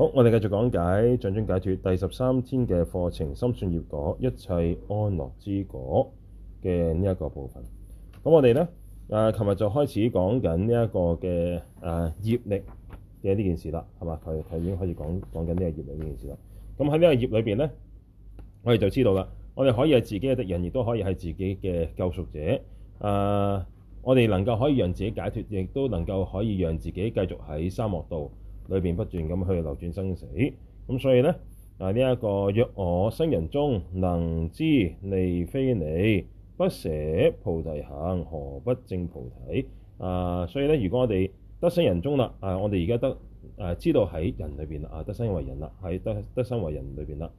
好，我哋繼續講解《掌中解脫》第十三天嘅課程《深信業果，一切安樂之果》嘅呢一個部分。咁我哋咧，誒、呃，琴日就開始講緊呢一個嘅誒、呃、業力嘅呢件事啦，係嘛？佢佢已經開始講講緊呢個業力呢件事啦。咁喺呢個業裏邊咧，我哋就知道啦，我哋可以係自己嘅敵人，亦都可以係自己嘅救贖者。誒、呃，我哋能夠可以讓自己解脫，亦都能夠可以讓自己繼續喺沙漠度。裏邊不斷咁去流轉生死，咁所以呢，啊，呢一個若我生人中能知利非利，不捨菩提行，何不正菩提？啊，所以呢，如果我哋得生人中啦，啊，我哋而家得誒、啊、知道喺人裏邊啦，啊，得生為人啦，喺得得生為人裏邊啦，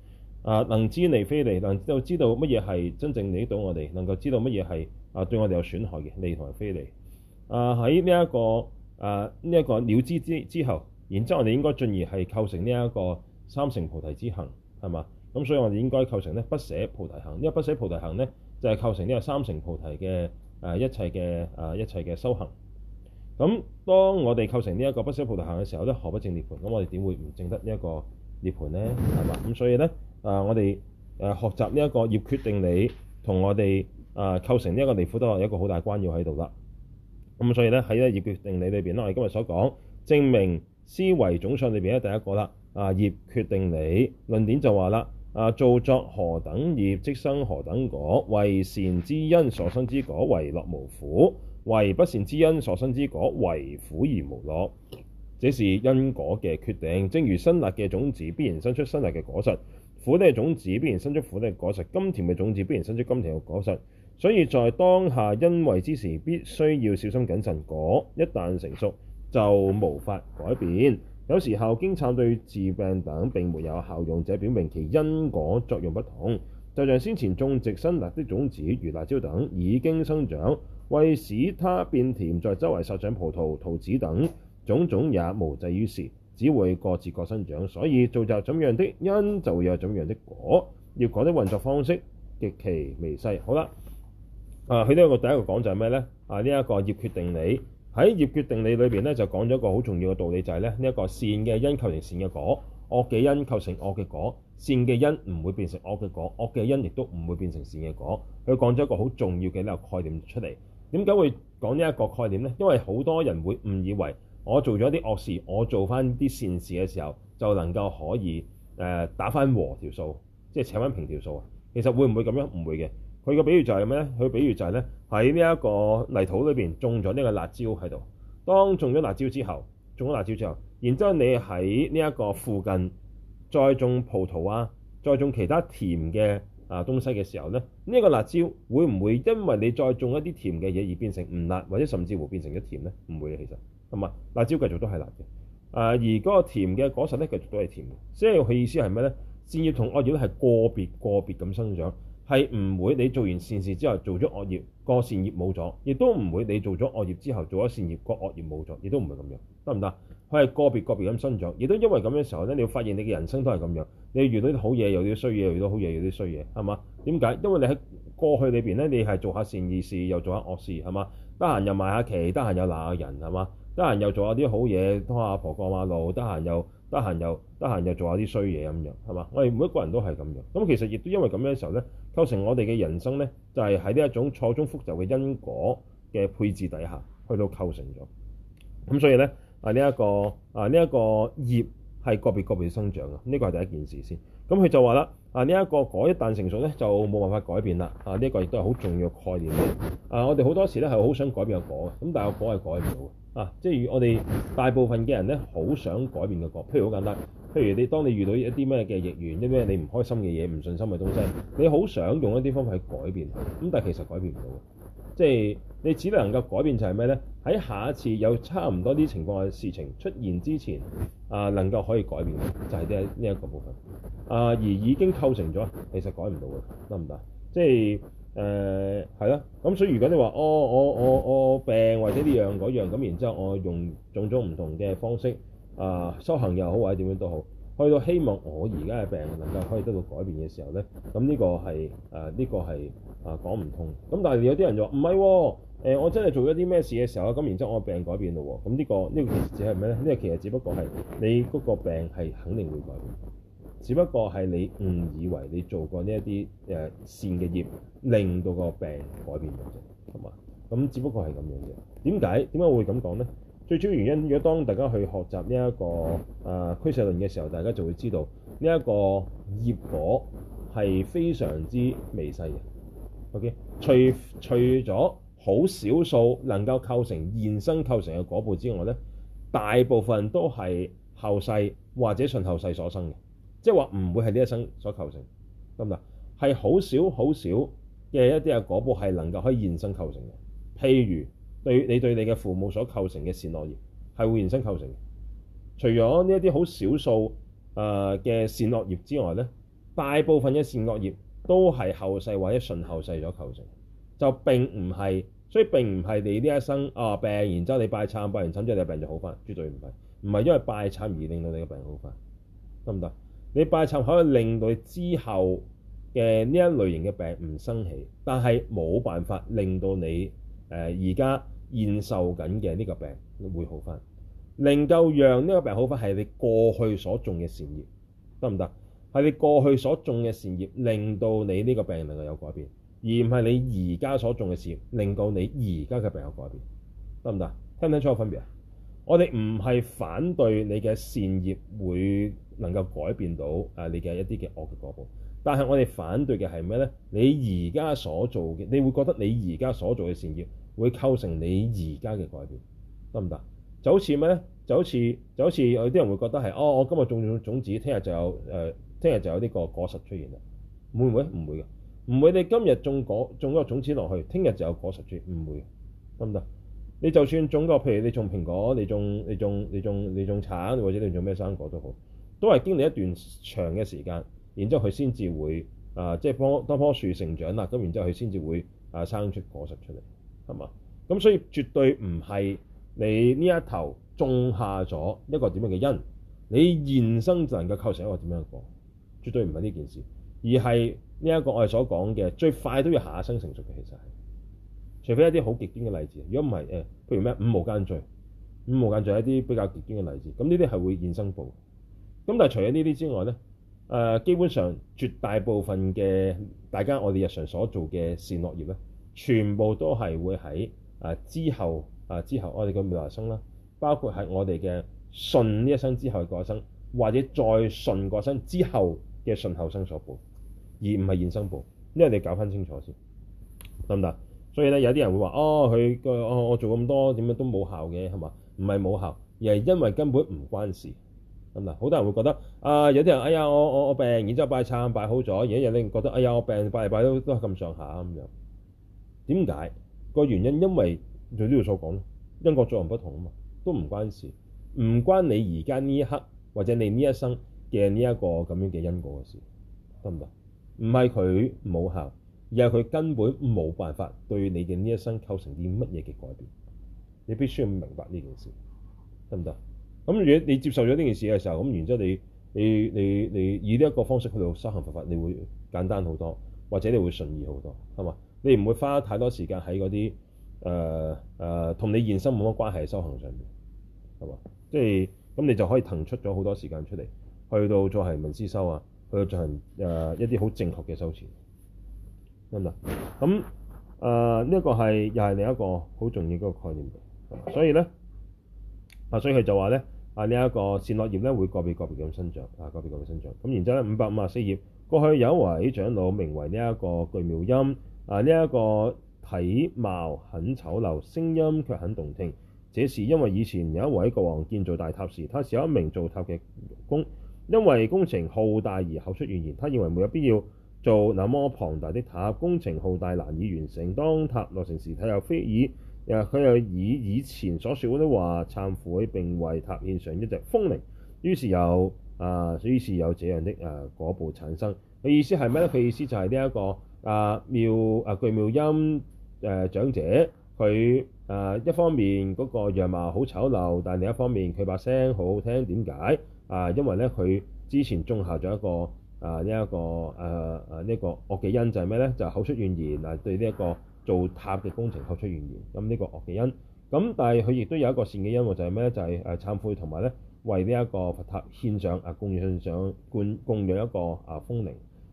啊，能知利非利，能知道知道乜嘢係真正理到我哋，能夠知道乜嘢係啊對我哋有損害嘅利同非利。啊，喺呢一個啊呢一個了知之之後。然之後，我哋應該進而係構成呢一個三乘菩提之行，係嘛？咁所以我哋應該構成咧不捨菩提行。提行呢、就是個，呃呃、行個不捨菩提行咧就係構成呢個三乘菩提嘅誒一切嘅誒一切嘅修行。咁當我哋構成呢一個不捨菩提行嘅時候咧，何不正涅槃？咁我哋點會唔正得呢一個涅槃咧？係嘛？咁所以咧誒、呃，我哋誒學習呢一個業決定理同我哋誒構成呢一個地庫都係一個好大關要喺度啦。咁所以咧喺呢個業決定理裏邊咧，我哋今日所講證明。思維總相裏邊咧，面第一個啦，啊，業決定理律典就話啦，啊，造作何等業，即生何等果；為善之因所生之果為樂無苦，為不善之因所生之果為苦而無樂。這是因果嘅決定，正如辛辣嘅種子必然生出辛辣嘅果實，苦呢種子必然生出苦呢果實，甘甜嘅種子必然生出甘甜嘅果實。所以在當下因位之時，必須要小心謹慎，果一旦成熟，就無法改變。有時候經懺對治病等並沒有效用，這表明其因果作用不同。就像先前種植辛辣的種子，如辣椒等已經生長，為使它變甜，在周圍撒上葡萄、桃子等，種種也無濟於事，只會各自各生長。所以造就怎樣的因，就有怎樣的果。業果的運作方式極其微細。好啦，啊，佢呢個第一個講就係咩呢？啊，呢、這、一個業決定理。喺業決定理裏邊咧，就講咗一個好重要嘅道理，就係咧呢一個善嘅因構成善嘅果，惡嘅因構成惡嘅果，善嘅因唔會變成惡嘅果，惡嘅因亦都唔會變成善嘅果。佢講咗一個好重要嘅呢個概念出嚟。點解會講呢一個概念呢？因為好多人會誤以為我做咗啲惡事，我做翻啲善事嘅時候，就能夠可以誒打翻和條數，即係扯翻平條數。其實會唔會咁樣？唔會嘅。佢個比喻就係咩咧？佢比喻就係咧，喺呢一個泥土裏邊種咗呢個辣椒喺度。當種咗辣椒之後，種咗辣椒之後，然之後你喺呢一個附近再種葡萄啊，再種其他甜嘅啊東西嘅時候咧，呢個辣椒會唔會因為你再種一啲甜嘅嘢而變成唔辣，或者甚至乎變成咗甜咧？唔會嘅，其實同埋辣椒繼續都係辣嘅。誒而嗰個甜嘅果實咧，繼續都係甜嘅。即係佢意思係咩咧？善業同惡業咧係個別個別咁生長，係唔會，你做完善事之後做咗惡業，個善業冇咗，亦都唔會。你做咗惡業之後做咗善業，個惡業冇咗，亦都唔會咁樣，得唔得？佢係個別個別咁生長，亦都因為咁樣時候咧，你會發現你嘅人生都係咁樣。你遇到啲好嘢，有啲衰嘢，遇到好嘢，有啲衰嘢，係嘛？點解？因為你喺過去裏邊咧，你係做下善意事又做下惡事，係嘛？得閒又賣下旗，得閒又鬧下人，係嘛？得閒又做下啲好嘢，拖下阿婆過馬路，得閒又得閒又得閒又，又做下啲衰嘢咁樣，係嘛？我哋每一個人都係咁樣，咁其實亦都因為咁嘅時候咧。構成我哋嘅人生咧，就係喺呢一種錯綜複雜嘅因果嘅配置底下，去到構成咗。咁所以咧，啊呢一個啊呢一個業係個別個別生長嘅，呢個係第一件事先。咁佢就話啦，啊呢一個果一旦成熟咧，就冇辦法改變啦。啊呢個亦都係好重要概念嘅。啊我哋好多時咧係好想改變個果嘅，咁但係個果係改唔到嘅。啊，即係我哋大部分嘅人咧，好想改變個角。譬如好簡單，譬如你當你遇到一啲咩嘅逆緣，一啲咩你唔開心嘅嘢、唔信心嘅東西，你好想用一啲方法去改變，咁但係其實改變唔到嘅，即係你只能夠改變就係咩咧？喺下一次有差唔多啲情況嘅事情出現之前，啊，能夠可以改變嘅就係呢一呢一個部分，啊，而已經構成咗，其實改唔到嘅，得唔得？即係。誒係啦，咁、呃、所以如果你話哦，我我我病或者呢樣嗰樣，咁然之後我用種種唔同嘅方式啊、呃、修行又好或者點樣都好，去到希望我而家嘅病能夠可以得到改變嘅時候咧，咁呢個係誒呢個係、呃這個、啊講唔通。咁但係有啲人就話唔係喎，誒我真係做咗啲咩事嘅時候，咁然之後我病改變嘞喎，咁呢、這個呢、這個其實係咩咧？呢、這個其實只不過係你嗰個病係肯定會改變。只不過係你誤以為你做過呢一啲誒善嘅業，令到個病改變咗啫，係嘛？咁只不過係咁樣啫。點解點解會咁講呢？最主要原因，如果當大家去學習呢、這、一個誒俱舍論嘅時候，大家就會知道呢一、這個業果係非常之微細嘅。OK，除除咗好少數能夠構成現生構成嘅果報之外咧，大部分都係後世或者順後世所生嘅。即係話唔會係呢一生所構成，得唔得？係好少好少嘅一啲啊，果報係能夠可以現身構成嘅。譬如對你對你嘅父母所構成嘅善惡業，係會現身構成嘅。除咗呢一啲好少數啊嘅、呃、善惡業之外咧，大部分嘅善惡業都係後世或者順後世所構成，就並唔係，所以並唔係你呢一生啊、哦、病，然之後你拜懺拜完懺之後你嘅病就好翻，絕對唔係。唔係因為拜懺而令到你嘅病好翻，得唔得？你拜懺可以令到之後嘅呢一類型嘅病唔生起，但係冇辦法令到你誒而家現受緊嘅呢個病會好翻。能夠讓呢個病好翻係你過去所種嘅善業，得唔得？係你過去所種嘅善業令到你呢個病能夠有改變，而唔係你而家所種嘅善業令到你而家嘅病有改變，得唔得？聽唔聽出我分別？我哋唔係反對你嘅善業會能夠改變到啊，你嘅一啲嘅惡嘅果報，但係我哋反對嘅係咩咧？你而家所做嘅，你會覺得你而家所做嘅善業會構成你而家嘅改變，得唔得？就好似咩咧？就好似就好似有啲人會覺得係，哦，我今日種種種子，聽日就有誒，聽日就有呢個果實出現啦，會唔會？唔會嘅，唔會你今日種果種咗個種子落去，聽日就有果實出現，唔會，會，得唔得？你就算種個，譬如你種蘋果，你種你種你種你種橙，或者你種咩生果都好，都係經歷一段長嘅時間，然之後佢先至會啊、呃，即係棵多棵樹成長啦，咁然之後佢先至會啊、呃、生出果實出嚟，係嘛？咁所以絕對唔係你呢一頭種下咗一個點樣嘅因，你現生就能夠構成一個點樣嘅果，絕對唔係呢件事，而係呢一個我哋所講嘅最快都要下生成熟嘅，其實係。除非一啲好極端嘅例子，如果唔係誒，譬如咩五無間罪、五無間罪係一啲比較極端嘅例子。咁呢啲係會現生報。咁但係除咗呢啲之外咧，誒、呃、基本上絕大部分嘅大家我哋日常所做嘅善惡業咧，全部都係會喺誒、啊、之後、誒、啊、之後我哋嘅未來生啦，包括喺我哋嘅順呢一生之後嘅過生，或者再順過生之後嘅順後生所報，而唔係現生報。因為你搞翻清楚先，得唔得？所以咧，有啲人會話哦，佢個我我做咁多點樣都冇效嘅係嘛？唔係冇效，而係因為根本唔關事。咁啊，好多人會覺得啊、呃，有啲人哎呀，我我我病，然之後拜懺拜好咗，而家又令覺得哎呀，我病拜拜都都咁上下咁樣。點解個原因，因？因為如呢度所講咯，因果作用不同啊嘛，都唔關事，唔關你而家呢一刻或者你呢一生嘅呢一個咁樣嘅因果嘅事，得唔得？唔係佢冇效。而係佢根本冇辦法對你嘅呢一生構成啲乜嘢嘅改變。你必須要明白呢件事，得唔得？咁如果你接受咗呢件事嘅時候，咁然之後你你你你以呢一個方式去到修行佛法，你會簡單好多，或者你會順意好多，係嘛？你唔會花太多時間喺嗰啲誒誒同你現身冇乜關係嘅修行上面，係嘛？即係咁，你就可以騰出咗好多時間出嚟，去到再係聞思修啊，去到進行誒一啲好正確嘅修持。係咁，誒呢一個係又係另一個好重要嗰個概念，啊。所以呢，啊所以佢就話呢，啊呢一、這個善樂業呢會個別個別咁生長，啊個別個別生長。咁、啊、然之後呢，五百五十四頁，過去有一位長老，名為呢一個具妙音，啊呢一、這個體貌很醜陋，聲音卻很動聽。這是因為以前有一位國王建造大塔時，他是一名造塔嘅工，因為工程浩大而口出怨言，他認為沒有必要。做那麼龐大的塔，工程浩大難以完成，當塔落成時，他又飛耳，誒佢又以以前所說嗰啲話懺悔，並為塔獻上一隻風鈴，於是有啊，於是有這樣的誒果報產生。佢意思係咩咧？佢意思就係呢一個誒、啊、妙誒具、啊、妙音誒、啊、長者，佢誒、啊、一方面嗰個樣貌好醜陋，但另一方面佢把聲好好聽。點解？啊，因為咧佢之前種下咗一個。啊、這個呃這個、呢一個誒誒呢個惡嘅因就係咩咧？就是、口出怨言啊，對呢一個做塔嘅工程口出怨言。咁、這、呢個惡嘅因，咁但係佢亦都有一個善嘅因就，就係咩咧？就係誒懺悔，同埋咧為呢一個佛塔獻上啊供養上供供養一個啊風鈴。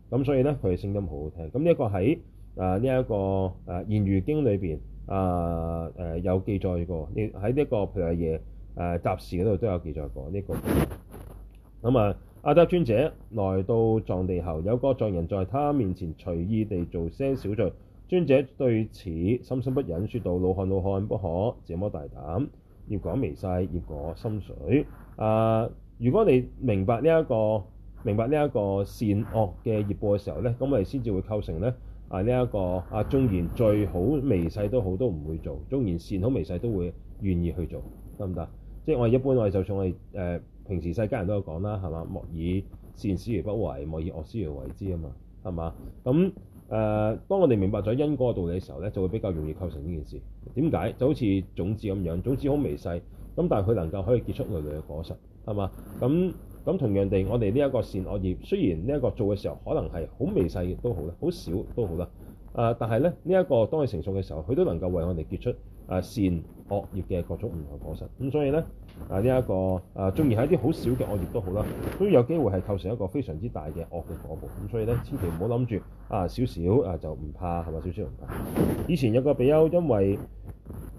咁所以咧佢嘅聲音好好聽。咁呢一個喺啊呢一個誒《賢愚經》裏邊啊誒有記載過。喺呢一個毗奈耶誒雜事嗰度都有記載過呢、這個。咁啊。阿底峽、啊、尊者來到藏地後，有個藏人在他面前隨意地做些小罪，尊者對此深深不忍，説道：老漢，老漢，不可這麼大膽，要講微細，要講心水。啊，如果你明白呢一個明白呢一個善惡嘅業報嘅時候呢，咁我哋先至會構成呢。啊這個，啊呢一個阿縱然罪好微細都好都唔會做，縱然善好微細都會願意去做，得唔得？即係我哋一般我哋就算我哋誒。呃呃平時世間人都有講啦，係嘛？莫以善小而不為，莫以惡小而為之啊嘛，係嘛？咁誒、呃，當我哋明白咗因果嘅道理嘅時候咧，就會比較容易構成呢件事。點解？就好似種子咁樣，種子好微細，咁但係佢能夠可以結出累累嘅果實，係嘛？咁咁同樣地，我哋呢一個善惡業，雖然呢一個做嘅時候可能係好微細都好啦，少好少都好啦，誒、呃，但係咧呢一、呢個當佢成熟嘅時候，佢都能夠為我哋結出惡啊！善惡業嘅各種唔同果實咁，所以咧啊呢一個啊，縱然係一啲好少嘅惡業都好啦，都有機會係構成一個非常之大嘅惡嘅果報。咁所以咧，千祈唔好諗住啊少少啊就唔怕係咪，「少少唔怕。小小怕 以前有個比丘因為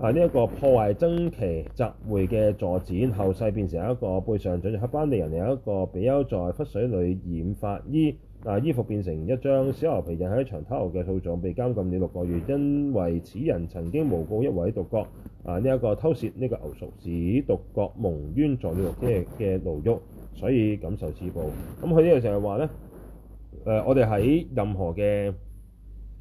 啊呢一、這個破壞僧伽、集會嘅座墊，後世變成一個背上長住黑斑嘅人。有一個比丘在沸水裏染法衣。嗱，衣服變成一張小牛皮素素，引起一場偷牛嘅訴訟，被監禁了六個月，因為此人曾經誣告一位獨覺，啊呢一、這個偷竊呢個牛犢子，獨覺蒙冤坐了六天嘅嘅牢獄，所以感受此報。咁、嗯、佢呢度就係話咧，誒、呃、我哋喺任何嘅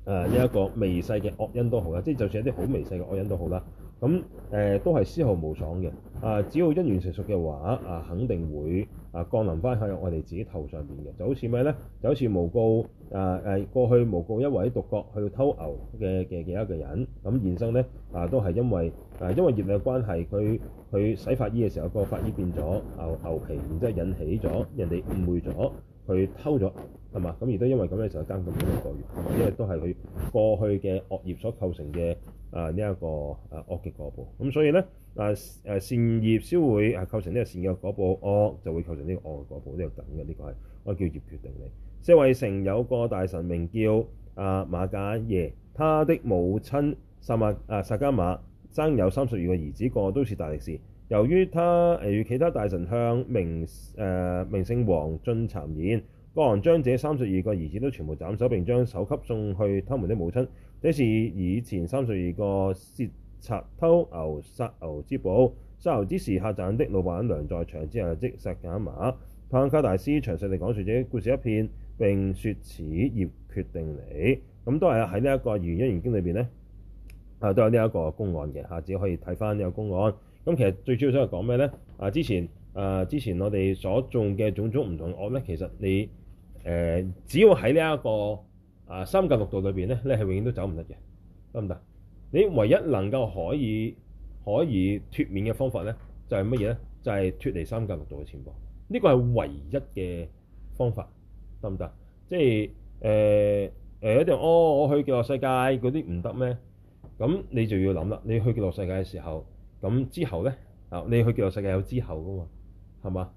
誒呢一個微細嘅惡因都好啦，即係就算一啲好微細嘅惡因都好啦，咁、嗯、誒、呃、都係絲毫無爽嘅，啊只要因緣成熟嘅話，啊肯定會。啊，降臨翻去我哋自己頭上邊嘅，就好似咩咧？就好似誣告，誒、啊、誒，過去誣告一位獨覺去偷牛嘅嘅嘅一個人，咁、啊、現生咧，啊，都係因為誒、啊，因為業力關係，佢佢洗法衣嘅時候，個法衣變咗牛牛皮，然之後引起咗人哋誤會咗。佢偷咗係嘛？咁而都因為咁嘅時候監禁咗一個月，因為都係佢過去嘅惡業所構成嘅啊，呢一、這個啊惡嘅果報。咁所以咧啊誒善業先會係構成呢個善嘅果報，惡就會構成呢個惡嘅果報。呢、這、度、個、等嘅呢、這個係我叫業決定理。捨衛城有個大臣名叫阿、啊、瑪噶惹，他的母親薩馬啊薩噶瑪生有三十二個兒子，個個都是大力士。由於他誒與其他大臣向明誒、呃、明勝王進讒言，國王將這三十二個兒子都全部斬首，並將首級送去他們的母親。這是以前三十二個竊賊偷，偷牛殺牛之報。殺牛之時，客棧的老闆娘在場之後即薩噶瑪。帕克大師詳細地講述這故事一遍，並説此業決定理。咁、嗯、都係喺呢一個原因原因裏邊呢，啊都有呢一個公案嘅，下自可以睇返呢個公案。咁其實最主要想係講咩咧？啊，之前啊，之前我哋所種嘅種種唔同惡咧，其實你誒、呃、只要喺、這個啊、呢一個啊三界六道裏邊咧，你係永遠都走唔得嘅，得唔得？你唯一能夠可以可以脫免嘅方法咧，就係乜嘢咧？就係、是、脫離三界六道嘅前綫，呢個係唯一嘅方法，得唔得？即係誒誒，有、呃、啲人、呃、哦，我去極樂世界嗰啲唔得咩？咁你就要諗啦，你去極樂世界嘅時候。咁之後咧，嗱你去叫做世界有之後噶嘛，係嘛？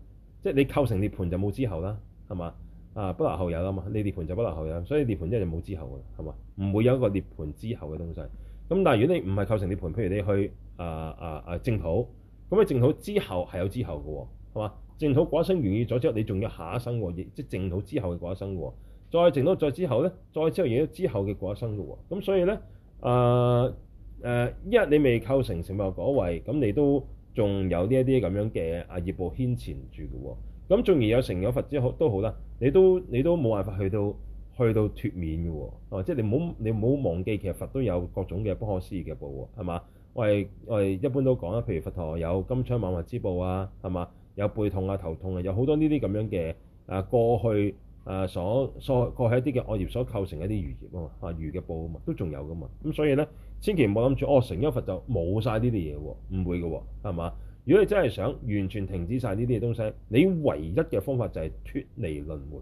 即係你構成涅槃就冇之後啦，係嘛？啊不落後有啦嘛，你涅槃就不落後有，所以涅槃之後就冇之後啦，係嘛？唔會有一個涅槃之後嘅東西。咁但係如果你唔係構成涅槃，譬如你去啊啊啊淨土，咁你淨土之後係有之後嘅喎，係嘛？淨土嗰一生完結咗之後，你仲要下一生喎，亦即係淨土之後嘅嗰一生喎，再淨土再之後咧，再之後亦都之後嘅嗰一生嘅喎。咁所以咧，啊、呃、～誒一、uh, 你未構成成佛果位，咁你都仲有呢一啲咁樣嘅啊業報牽纏住嘅喎。咁縱然有成有佛之後都好啦，你都你都冇辦法去到去到脫免嘅喎。哦，啊、即係你唔好你唔好忘記，其實佛都有各種嘅不可思議嘅報喎，係嘛？我係我係一般都講啦，譬如佛陀有金槍萬物之報啊，係嘛？有背痛啊、頭痛啊，有好多呢啲咁樣嘅啊過去啊所所過去一啲嘅惡業所構成一啲餘業啊嘛，啊餘嘅報啊嘛，都仲有㗎嘛。咁所以咧。千祈唔好諗住哦，成一佛就冇晒呢啲嘢，唔會嘅係嘛。如果你真係想完全停止晒呢啲嘢東西，你唯一嘅方法就係脱離輪迴。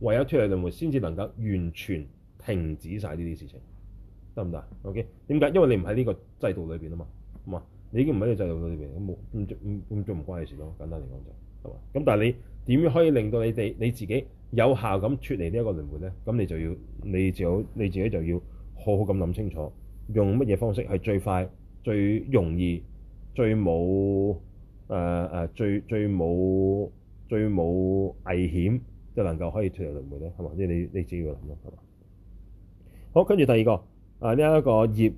唯有脱離輪迴，先至能夠完全停止晒呢啲事情，得唔得？OK？點解？因為你唔喺呢個制度裏邊啊嘛，咁啊，你已經唔喺呢個制度裏邊，咁冇唔唔唔做唔關你事咯。簡單嚟講就係嘛。咁但係你點樣可以令到你哋你自己有效咁脱離呢一個輪迴咧？咁你就要你就你自己就要好好咁諗清楚。用乜嘢方式係最快、最容易、最冇誒誒、最最冇最冇危險，就能夠可以脱離輪迴咧？係嘛，即係你你只要諗咯，係嘛好。跟住第二個啊，呢、呃、一、這個業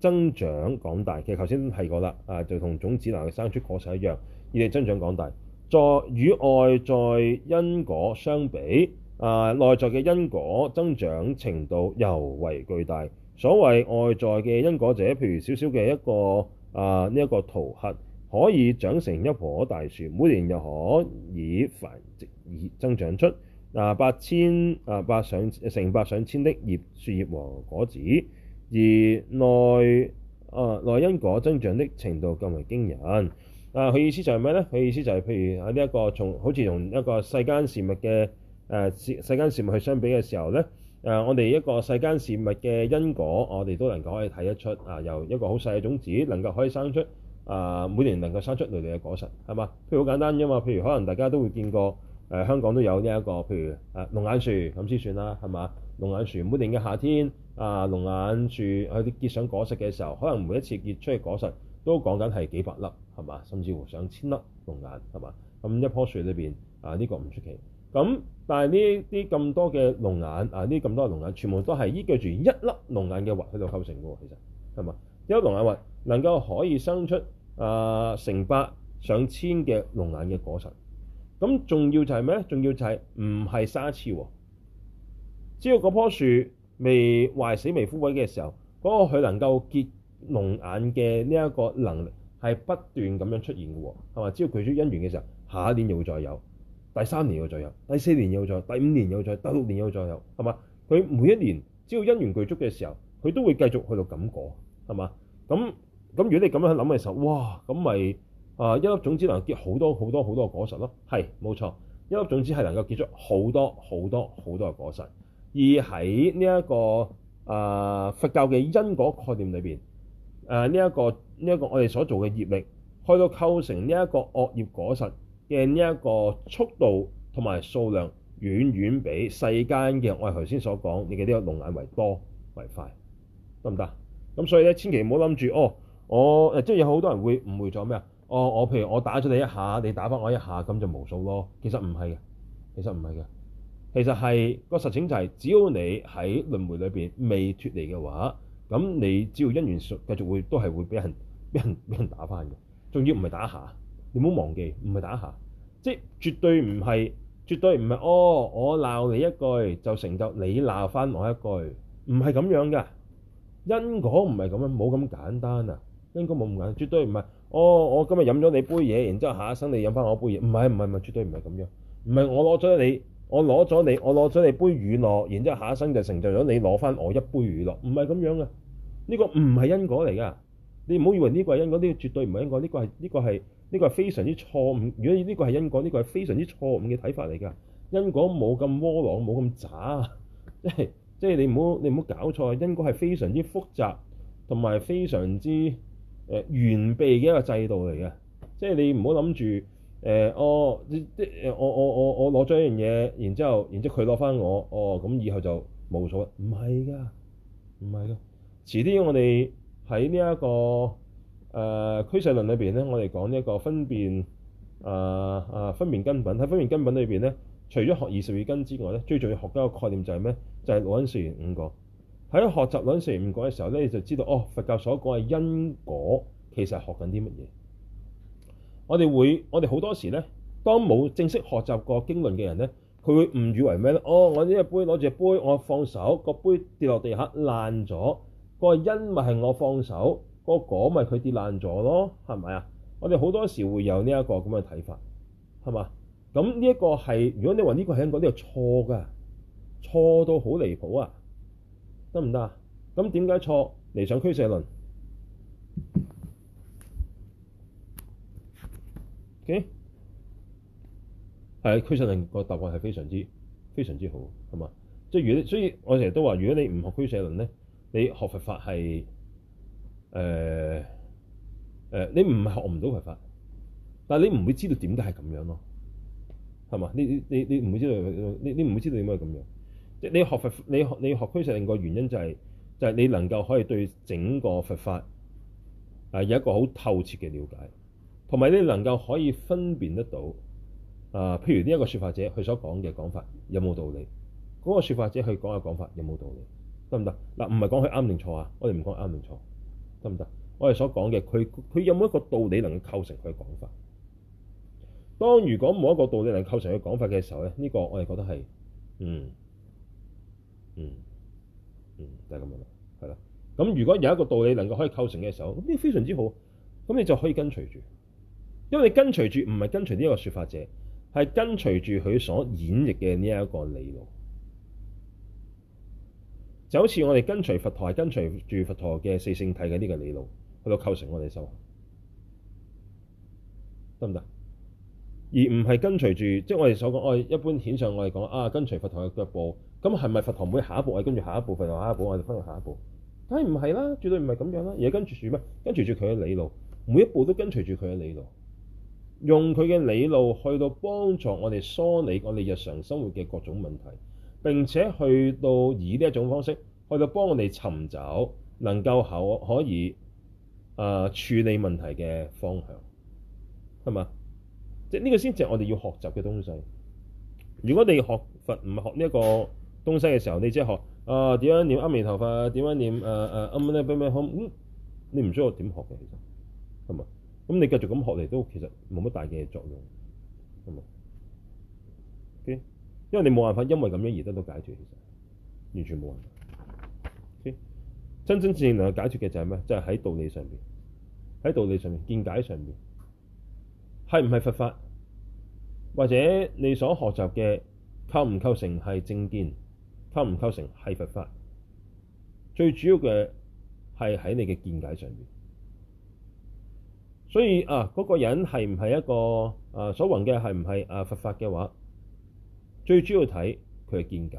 增長廣大，其實頭先係講啦啊，就同種子能夠生出果實一樣，業增長廣大，在與外在因果相比啊、呃，內在嘅因果增長程度尤為巨大。所謂外在嘅因果者，譬如少少嘅一個啊呢一個桃核，可以長成一棵大樹，每年又可以繁殖而增長出嗱、啊、八千啊百上成百上千的葉、樹葉和果子，而內啊內因果增長的程度更為驚人。啊，佢意思就係咩呢？佢意思就係譬如喺呢一個從好似同一個世間事物嘅誒、啊、世世間事物去相比嘅時候呢。誒、啊，我哋一個世間事物嘅因果，我哋都能夠可以睇得出，啊，由一個好細嘅種子，能夠可以生出，啊，每年能夠生出纍纍嘅果實，係嘛？譬如好簡單啫嘛，譬如可能大家都會見過，誒、啊，香港都有呢、這、一個，譬如誒龍眼樹咁先算啦，係、啊、嘛？龍眼樹，龍眼樹每年嘅夏天，啊，龍眼樹喺啲結上果實嘅時候，可能每一次結出嘅果實都講緊係幾百粒，係嘛？甚至乎上千粒龍眼，係嘛？咁一棵樹裏邊，啊，呢、這個唔出奇，咁。但係呢啲咁多嘅龍眼啊，呢咁多龍眼全部都係依據住一粒龍眼嘅核喺度構成嘅喎，其實係嘛？一粒龍眼核能夠可以生出啊、呃、成百上千嘅龍眼嘅果實。咁仲要就係咩咧？仲要就係唔係沙蝕喎。只要嗰棵樹未壞死、未枯萎嘅時候，嗰個佢能夠結龍眼嘅呢一個能力係不斷咁樣出現嘅喎，係嘛？只要佢出姻緣嘅時候，下一年就會再有。第三年又再有，第四年又再有在，第五年又再，第六年又再有，係嘛？佢每一年只要因緣具足嘅時候，佢都會繼續去到咁果，係嘛？咁咁如果你咁樣去諗嘅時候，哇！咁咪啊一粒種子能結好多好多好多好多果實咯，係冇錯，一粒種子係能夠結出好多好多好多嘅果實。而喺呢一個啊、呃、佛教嘅因果概念裏邊，誒呢一個呢一個我哋所做嘅業力，去到構成呢一個惡業果實，嘅呢一個速度同埋數量遠遠比世間嘅，我係頭先所講，你嘅呢個龍眼為多為快，得唔得？咁所以咧，千祈唔好諗住哦，我即係有好多人會誤會咗咩啊？我我譬如我打咗你一下，你打翻我一下，咁就無數咯。其實唔係嘅，其實唔係嘅，其實係個實情就係、是，只要你喺輪迴裏邊未脱離嘅話，咁你只要因緣續繼續會都係會俾人俾人俾人,人打翻嘅，仲要唔係打下。你唔好忘記，唔係打下，即係絕對唔係，絕對唔係哦。我鬧你一句就成就你鬧翻我一句，唔係咁樣嘅，因果唔係咁樣，冇咁簡單啊。因果冇咁簡單，絕對唔係哦。我今日飲咗你杯嘢，然之後下一生你飲翻我杯嘢，唔係唔係唔係，絕對唔係咁樣。唔係我攞咗你，我攞咗你，我攞咗你杯乳酪，然之後下一生就成就咗你攞翻我一杯乳酪。唔係咁樣啊。呢個唔係因果嚟噶，你唔好以為呢個係因果，呢個絕對唔係因果，呢個係呢個係。呢個呢個係非常之錯誤。如果呢個係因果，呢、這個係非常之錯誤嘅睇法嚟㗎。因果冇咁窩囊，冇咁渣。即係即係你唔好你唔好搞錯。因果係非常之複雜同埋非常之誒完備嘅一個制度嚟嘅。即、就、係、是、你唔好諗住誒哦，即、呃、係、呃呃呃、我我我我攞咗一樣嘢，然之後然之後佢攞翻我，哦咁以後就冇錯。唔係㗎，唔係㗎。遲啲我哋喺呢一個，誒俱舍論裏邊咧，我哋講呢一個分別，呃、啊啊分別根品。喺分別根品裏邊咧，除咗學二十二根之外咧，最重要學緊一個概念就係咩？就係六因四緣五果。喺學習六因四緣五果嘅時候咧，你就知道哦，佛教所講嘅因果其實係學緊啲乜嘢？我哋會，我哋好多時咧，當冇正式學習過經論嘅人咧，佢會誤以為咩咧？哦，我呢個杯攞住杯，杯，我放手，個杯跌落地下爛咗，個因咪係我放手？個果咪佢跌爛咗咯，係咪啊？我哋好多時會有呢一個咁嘅睇法，係嘛？咁呢一個係如果你話呢個係香港呢個錯㗎，錯到好離譜啊，得唔得啊？咁點解錯？嚟上俱舍論，OK？係啊，俱舍論個答案係非常之非常之好，係嘛？即係如，所以我成日都話，如果你唔學俱舍論咧，你學佛法係。誒誒、呃呃，你唔學唔到佛法，但係你唔會知道點解係咁樣咯，係嘛？你你你唔會知道，你你唔會知道點解咁樣。即係你學佛，你學你學虛實性個原因就係、係、就係、係、你能夠可以對整個佛法啊、呃、有一個好透徹嘅了解，同埋你能夠可以分辨得到啊、呃，譬如呢一個説法者佢所講嘅講法有冇道理？嗰、嗰個説法者佢講嘅講法有冇道理？得唔得？嗱、呃，唔係講佢啱定錯啊！我哋唔講啱定錯。得唔得？我哋所講嘅，佢佢有冇一個道理能夠構成佢嘅講法？當如果冇一個道理能夠構成佢講法嘅時候咧，呢個我哋覺得係，嗯，嗯，嗯，就係咁樣啦，係啦。咁如果有一個道理能夠可以構成嘅時候，咁呢個非常之好，咁你就可以跟隨住，因為你跟隨住唔係跟隨呢一個説法者，係跟隨住佢所演繹嘅呢一個理論。就好似我哋跟隨佛陀係跟隨住佛陀嘅四聖諦嘅呢個理路去到構成我哋嘅生活，得唔得？而唔係跟隨住，即係我哋所講，我哋一般顯上我哋講啊，跟隨佛陀嘅腳步，咁係咪佛陀每下一步我哋跟住下一步，佛陀下一步我哋跟住下一步？梗係唔係啦，絕對唔係咁樣啦，而係跟住住咩？跟隨住佢嘅理路，每一步都跟隨住佢嘅理路，用佢嘅理路去到幫助我哋梳理我哋日常生活嘅各種問題。並且去到以呢一種方式，去到幫我哋尋找能夠可可以誒處理問題嘅方向，係咪？即係呢個先至係我哋要學習嘅東西。如果你學佛唔學呢一個東西嘅時候，你即係學啊點樣染阿眉頭髮，點樣染誒誒暗咩咩，好，嗯，你唔需要點學嘅其實，係咪？咁你繼續咁學嚟都其實冇乜大嘅作用，係咪？因為你冇辦法，因為咁樣而得到解決，其實完全冇辦法。真、okay? 真正正能夠解決嘅就係咩？就係、是、喺道理上邊，喺道理上面，見解上邊，係唔係佛法，或者你所學習嘅構唔構成係正見，構唔構成係佛法？最主要嘅係喺你嘅見解上邊。所以啊，嗰、那個人係唔係一個啊所云嘅係唔係啊佛法嘅話？最主要睇佢嘅見解。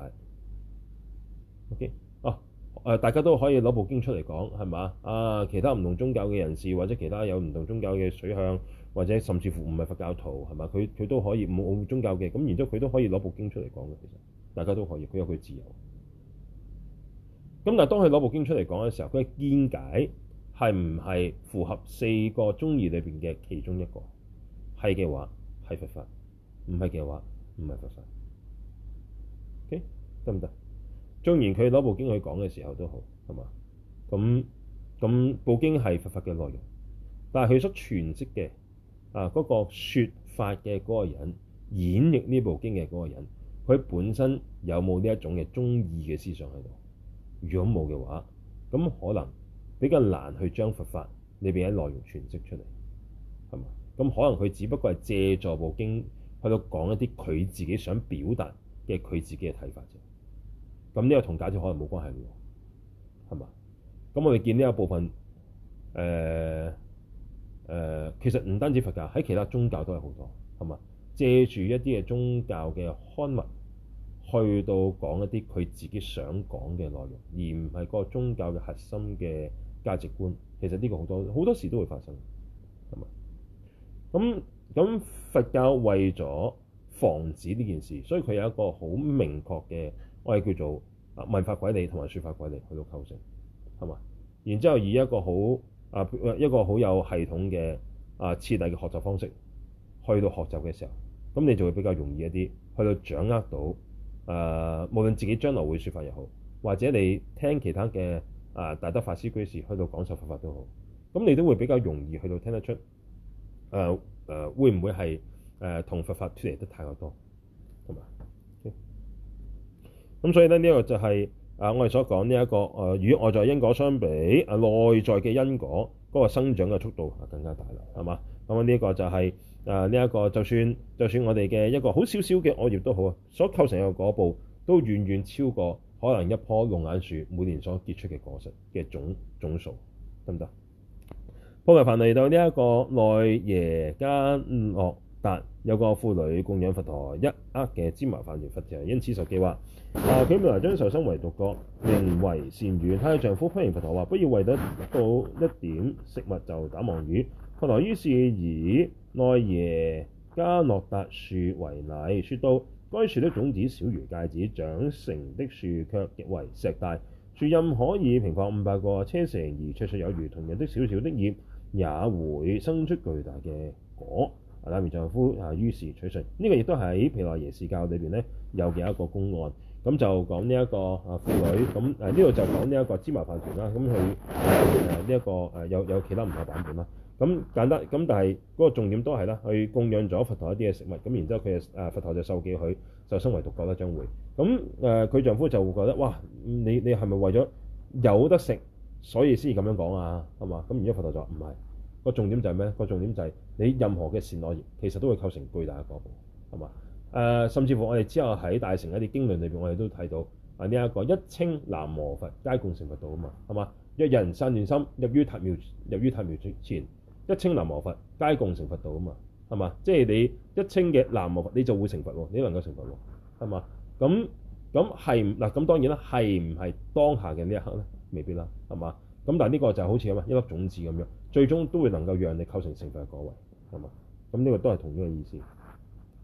Okay 啊，誒、呃，大家都可以攞部經出嚟講，係咪？啊？其他唔同宗教嘅人士，或者其他有唔同宗教嘅水向，或者甚至乎唔係佛教徒，係咪？佢佢都可以冇宗教嘅咁，然之後佢都可以攞部經出嚟講嘅。其實大家都可以，佢有佢自由。咁但係當佢攞部經出嚟講嘅時候，佢嘅見解係唔係符合四個宗義裏邊嘅其中一個？係嘅話係佛法，唔係嘅話唔係佛法。得唔得？縱然佢攞部經去講嘅時候都好，係嘛？咁咁部經係佛法嘅內容，但係佢所詮釋嘅啊嗰、嗰個説法嘅嗰個人，演繹呢部經嘅嗰個人，佢本身有冇呢一種嘅中意嘅思想喺度？如果冇嘅話，咁可能比較難去將佛法裏邊嘅內容詮釋出嚟，係嘛？咁可能佢只不過係借助部經去到講一啲佢自己想表達嘅佢自己嘅睇法啫。咁呢個同假設可能冇關係喎，係嘛？咁我哋見呢一部分誒誒、呃呃，其實唔單止佛教喺其他宗教都係好多，係嘛？借住一啲嘅宗教嘅刊物去到講一啲佢自己想講嘅內容，而唔係嗰個宗教嘅核心嘅價值觀。其實呢個好多好多時都會發生，係嘛？咁咁佛教為咗防止呢件事，所以佢有一個好明確嘅。我係叫做啊聞法軌理同埋說法軌理去到構成，係嘛？然之後以一個好啊、呃、一個好有系統嘅啊徹底嘅學習方式去到學習嘅時候，咁你就會比較容易一啲去到掌握到誒、呃，無論自己將來會說法又好，或者你聽其他嘅啊、呃、大德法師居士去到講授佛法都好，咁你都會比較容易去到聽得出誒誒、呃呃、會唔會係誒同佛法脫離得太過多？咁所以咧，呢、這、一個就係、是、啊、呃，我哋所講呢一個誒，與、呃、外在因果相比，內、呃、在嘅因果嗰、這個生長嘅速度係更加大啦，係嘛？咁、嗯、啊，呢、這、一個就係、是、啊，呢、呃、一、這個就算就算我哋嘅一個好少少嘅惡業都好啊，所構成嘅果報都遠遠超過可能一棵龍眼樹每年所結出嘅果實嘅總總數，得唔得？好，埋屏嚟到呢、這、一個奈耶噶洛但有個婦女供養佛陀一握嘅芝麻飯團佛陀，因此授記話，啊、呃，佢未來將受生為獨覺，名為善願。她嘅丈夫歡迎 佛陀話，不要為得，得到一點食物就打妄語。佛陀於是以奈耶噶洛達樹為例，説到該樹的種子小如芥子，長成的樹卻極為碩大，樹蔭可以平放五百個車乘，而綽綽有餘，同樣的，小小的業也會生出巨大嘅果。啊，喇嘛丈夫啊，於是取信，呢、這個亦都喺毗奈耶事教裏邊咧，有嘅一個公案。咁就講呢一個啊婦女。咁誒呢度就講呢一個芝麻飯團啦。咁佢誒呢一個誒、呃、有有其他唔同版本啦。咁簡單。咁但係嗰、那個重點都係啦，去供養咗佛陀一啲嘅食物。咁然之後佢誒、呃、佛陀就受記佢，就身為獨覺啦，將會。咁誒佢丈夫就會覺得，哇！你你係咪為咗有得食，所以先而咁樣講啊？係嘛？咁然之後佛陀就話唔係。個重點就係咩咧？個重點就係、是、你任何嘅善惡業，其實都會構成巨大嘅果報，係嘛？誒、呃，甚至乎我哋之後喺大乘一啲經論裏邊，我哋都睇到啊呢一、這個一稱南無佛皆共成佛道啊嘛，係嘛？若人散願心入於塔廟，入於塔廟前，一稱南無佛皆共成佛道啊嘛，係嘛？即係你一稱嘅南無佛，你就會成佛喎，你能夠成佛喎，係嘛？咁咁係嗱，咁當然啦，係唔係當下嘅呢一刻咧？未必啦，係嘛？咁但係呢個就好似咁啊一粒種子咁樣。最終都會能夠讓你構成成對嘅果位，係嘛？咁呢個都係同樣嘅意思。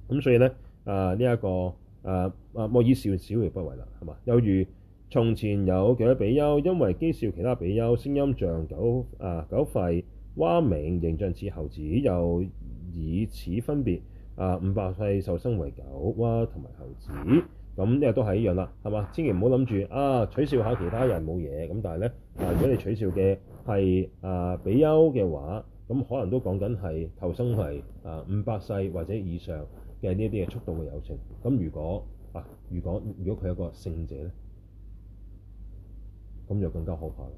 咁所以咧，誒呢一個誒誒莫以少少而不為啦，係嘛？又如從前有幾多比丘，因為譏笑其他比丘聲音像狗誒狗吠、蛙鳴，形象似猴子，又以此分別誒、呃、五百世受生為狗蛙同埋猴子。咁亦都係一樣啦，係嘛？千祈唔好諗住啊，取笑下其他人冇嘢。咁但係咧、呃呃，啊，如果你取笑嘅係啊，比丘嘅話，咁可能都講緊係投生係啊五百世或者以上嘅呢啲嘅畜道嘅有情。咁如果啊，如果如果佢係一個聖者咧，咁就更加可怕啦，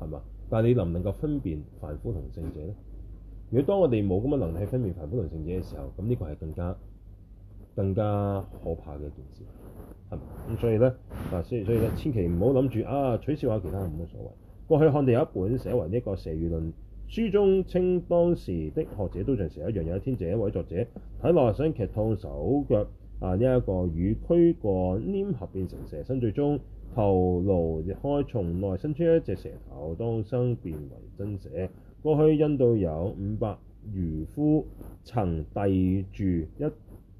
係嘛？但係你能唔能夠分辨凡夫同聖者咧？如果當我哋冇咁嘅能力去分辨凡夫同聖者嘅時候，咁呢個係更加更加可怕嘅一件事。咁所以咧，嗱、啊，所以所以咧，千祈唔好諗住啊！取笑下其他冇乜所謂。過去漢地有一本寫為呢個《蛇喻論》，書中稱當時的學者都像蛇一樣。有天，這一位作者，睇落想劇痛手腳啊，呢一個與軀幹黏合變成蛇身，最終頭顱裂開，從內伸出一隻蛇頭，當生變為真蛇。過去印度有五百漁夫曾逮住一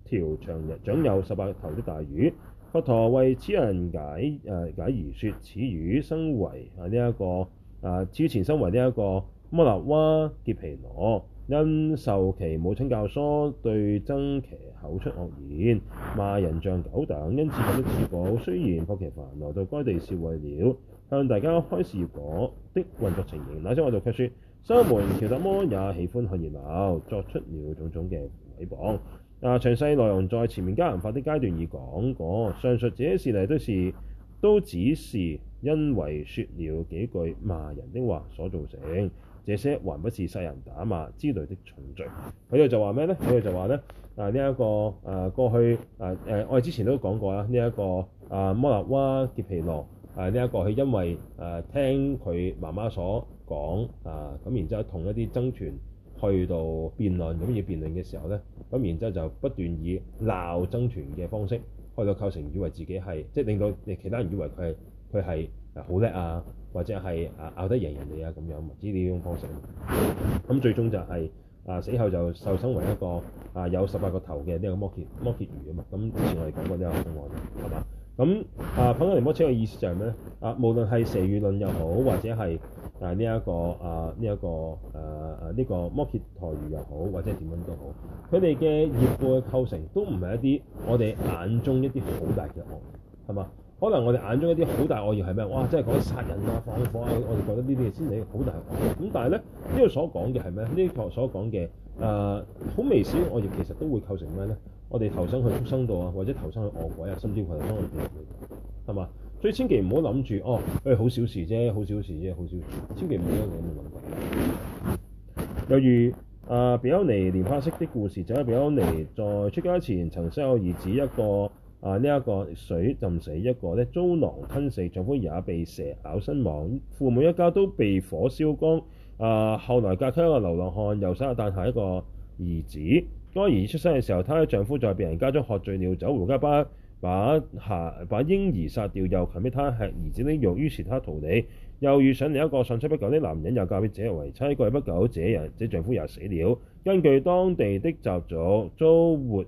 條長日長有十八頭的大魚。佛陀為此人解誒解而説：此魚身為啊呢一個啊之、呃、前身為呢、這、一個摩納瓦劫毘羅，因受其母親教唆，對僧伽口出惡言，罵人像狗等，因此感得此報。雖然薄伽梵來到該地，是為了向大家開示果的運作情形。那些外道卻説：沙門喬達摩也喜歡看熱鬧，作出了種種嘅毀謗。啊！詳細內容在前面加行法的階段已講過。上述這些事例都是都只是因為説了幾句罵人的話所造成，這些還不是殺人打罵之類的重罪。佢哋就話咩呢？佢哋就話呢、啊這個，啊呢一個啊過去啊誒，我哋之前都講過啦，呢一個啊摩納瓦劫毘羅啊呢一個係因為誒聽佢媽媽所講啊咁，然之後同一啲增存。去到辯論，咁要辯論嘅時候咧，咁然之後就不斷以鬧爭團嘅方式，去到構成以為自己係，即係令到誒其他人以為佢係佢係誒好叻啊，或者係誒拗得贏人哋啊咁樣，唔知呢種方式。咁最終就係、是、啊死後就受生為一個啊有十八個頭嘅呢個摩羯摩羯魚啊嘛，咁之前我哋講過呢個瘋王嘛。咁、嗯、啊，彭加林摩切嘅意思就係咩咧？啊，無論係蛇喻論又好，或者係、這個、啊呢一、這個啊呢一個誒誒呢個摩羯台魚又好，或者點樣都好，佢哋嘅業報嘅構成都唔係一啲我哋眼中一啲好大嘅惡，係嘛？可能我哋眼中一啲好大惡業係咩？哇！即係講殺人啊、放火啊，我哋覺得呢啲嘢先係好大惡業。咁、嗯、但係咧呢個所講嘅係咩？呢個所講嘅誒好微小嘅惡業其實都會構成咩咧？我哋投生去畜生道啊，或者投生去惡鬼啊、心靈羣生嗰啲，係嘛？所以千祈唔好諗住哦，誒好小事啫，好小事啫，好小事，千祈唔好咁樣諗。又如阿比丘尼蓮花色的故事，就係比丘尼在出家前曾生有兒子一個啊，呢一個水浸死一個咧，遭狼吞食，丈夫也被蛇咬身亡，父母一家都被火燒光。啊、呃，後來嫁給一個流浪漢，又生下誕下一個兒子。該兒出生嘅時候，她的丈夫在別人家中喝醉了酒，回家把，把把孩把嬰兒殺掉，又強迫她吃兒子的肉，於是她逃離。又遇上另一個喪妻不久的男人，又嫁俾這人為妻。過不久，這人這丈夫又死了。根據當地的習俗，遭活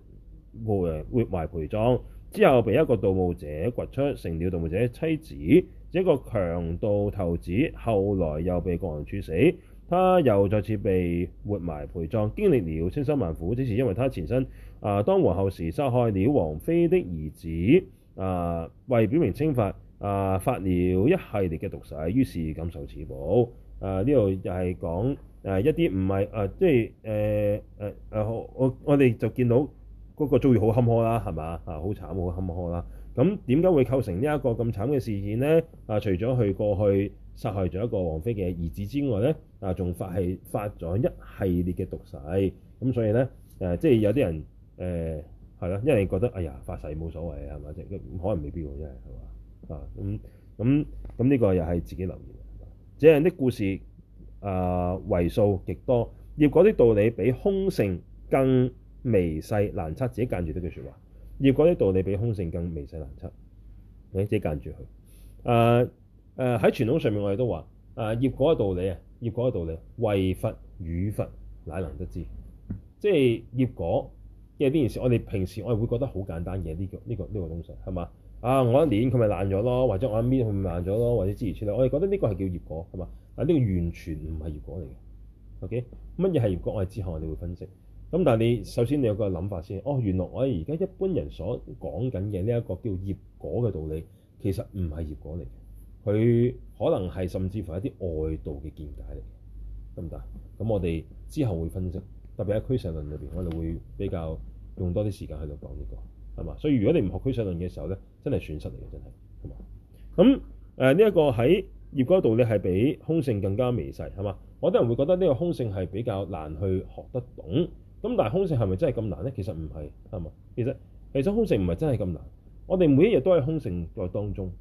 活，活埋陪葬，之後被一個盜墓者掘出，成了盜墓者妻子。這個強盜頭子後來又被國人處死。他又再次被活埋陪葬，經歷了千辛萬苦，只是因為他前身啊、呃、當皇后時殺害了王妃的兒子，啊、呃、為表明清白，啊、呃、發了一系列嘅毒誓，於是感受此報。啊，呢度又係講誒一啲唔係誒，即係誒誒誒我我我哋就見到嗰個遭遇好坎坷啦，係嘛，啊好慘好坎坷啦。咁點解會構成呢一個咁慘嘅事件咧？啊，除咗佢過去，殺害咗一個王妃嘅兒子之外咧，啊，仲發係發咗一系列嘅毒誓，咁所以咧，誒、呃，即係有啲人誒係咯，因為覺得哎呀，發誓冇所謂啊，係嘛，即係可能未必喎，真係係嘛，啊，咁咁咁呢個又係自己留意。即係啲故事啊、呃，為數極多，業果啲道理比空性更微細難測，自己間住呢句説話，業果啲道理比空性更微細難測，你自己間住佢，啊、呃。誒喺、呃、傳統上面，我哋都話誒業果嘅道理啊，業果嘅道理，道理為佛與佛，乃能得知。即係業果，即係呢件事。我哋平時我係會覺得好簡單嘅呢、呢個呢、呢個呢、呢個東西係嘛啊？我一年佢咪爛咗咯，或者我一搣佢咪爛咗咯，或者之餘出嚟，我哋覺得呢個係叫業果係嘛？啊呢個完全唔係業果嚟嘅。O K，乜嘢係業果？我哋之後我哋會分析。咁但係你首先你有個諗法先哦。原來我而家一般人所講緊嘅呢一個叫業果嘅道理，其實唔係業果嚟嘅。佢可能係甚至乎一啲外道嘅見解嚟嘅，得唔得？咁我哋之後會分析，特別喺俱舍論裏邊，我哋會比較用多啲時間喺度講呢個係嘛。所以如果你唔學俱舍論嘅時候咧，真係損失嚟嘅，真係係嘛。咁誒呢一個喺業果道理係比空性更加微細係嘛。我啲人會覺得呢個空性係比較難去學得懂，咁但係空性係咪真係咁難咧？其實唔係係嘛。其實其實空性唔係真係咁難。我哋每一日都喺空性在當中。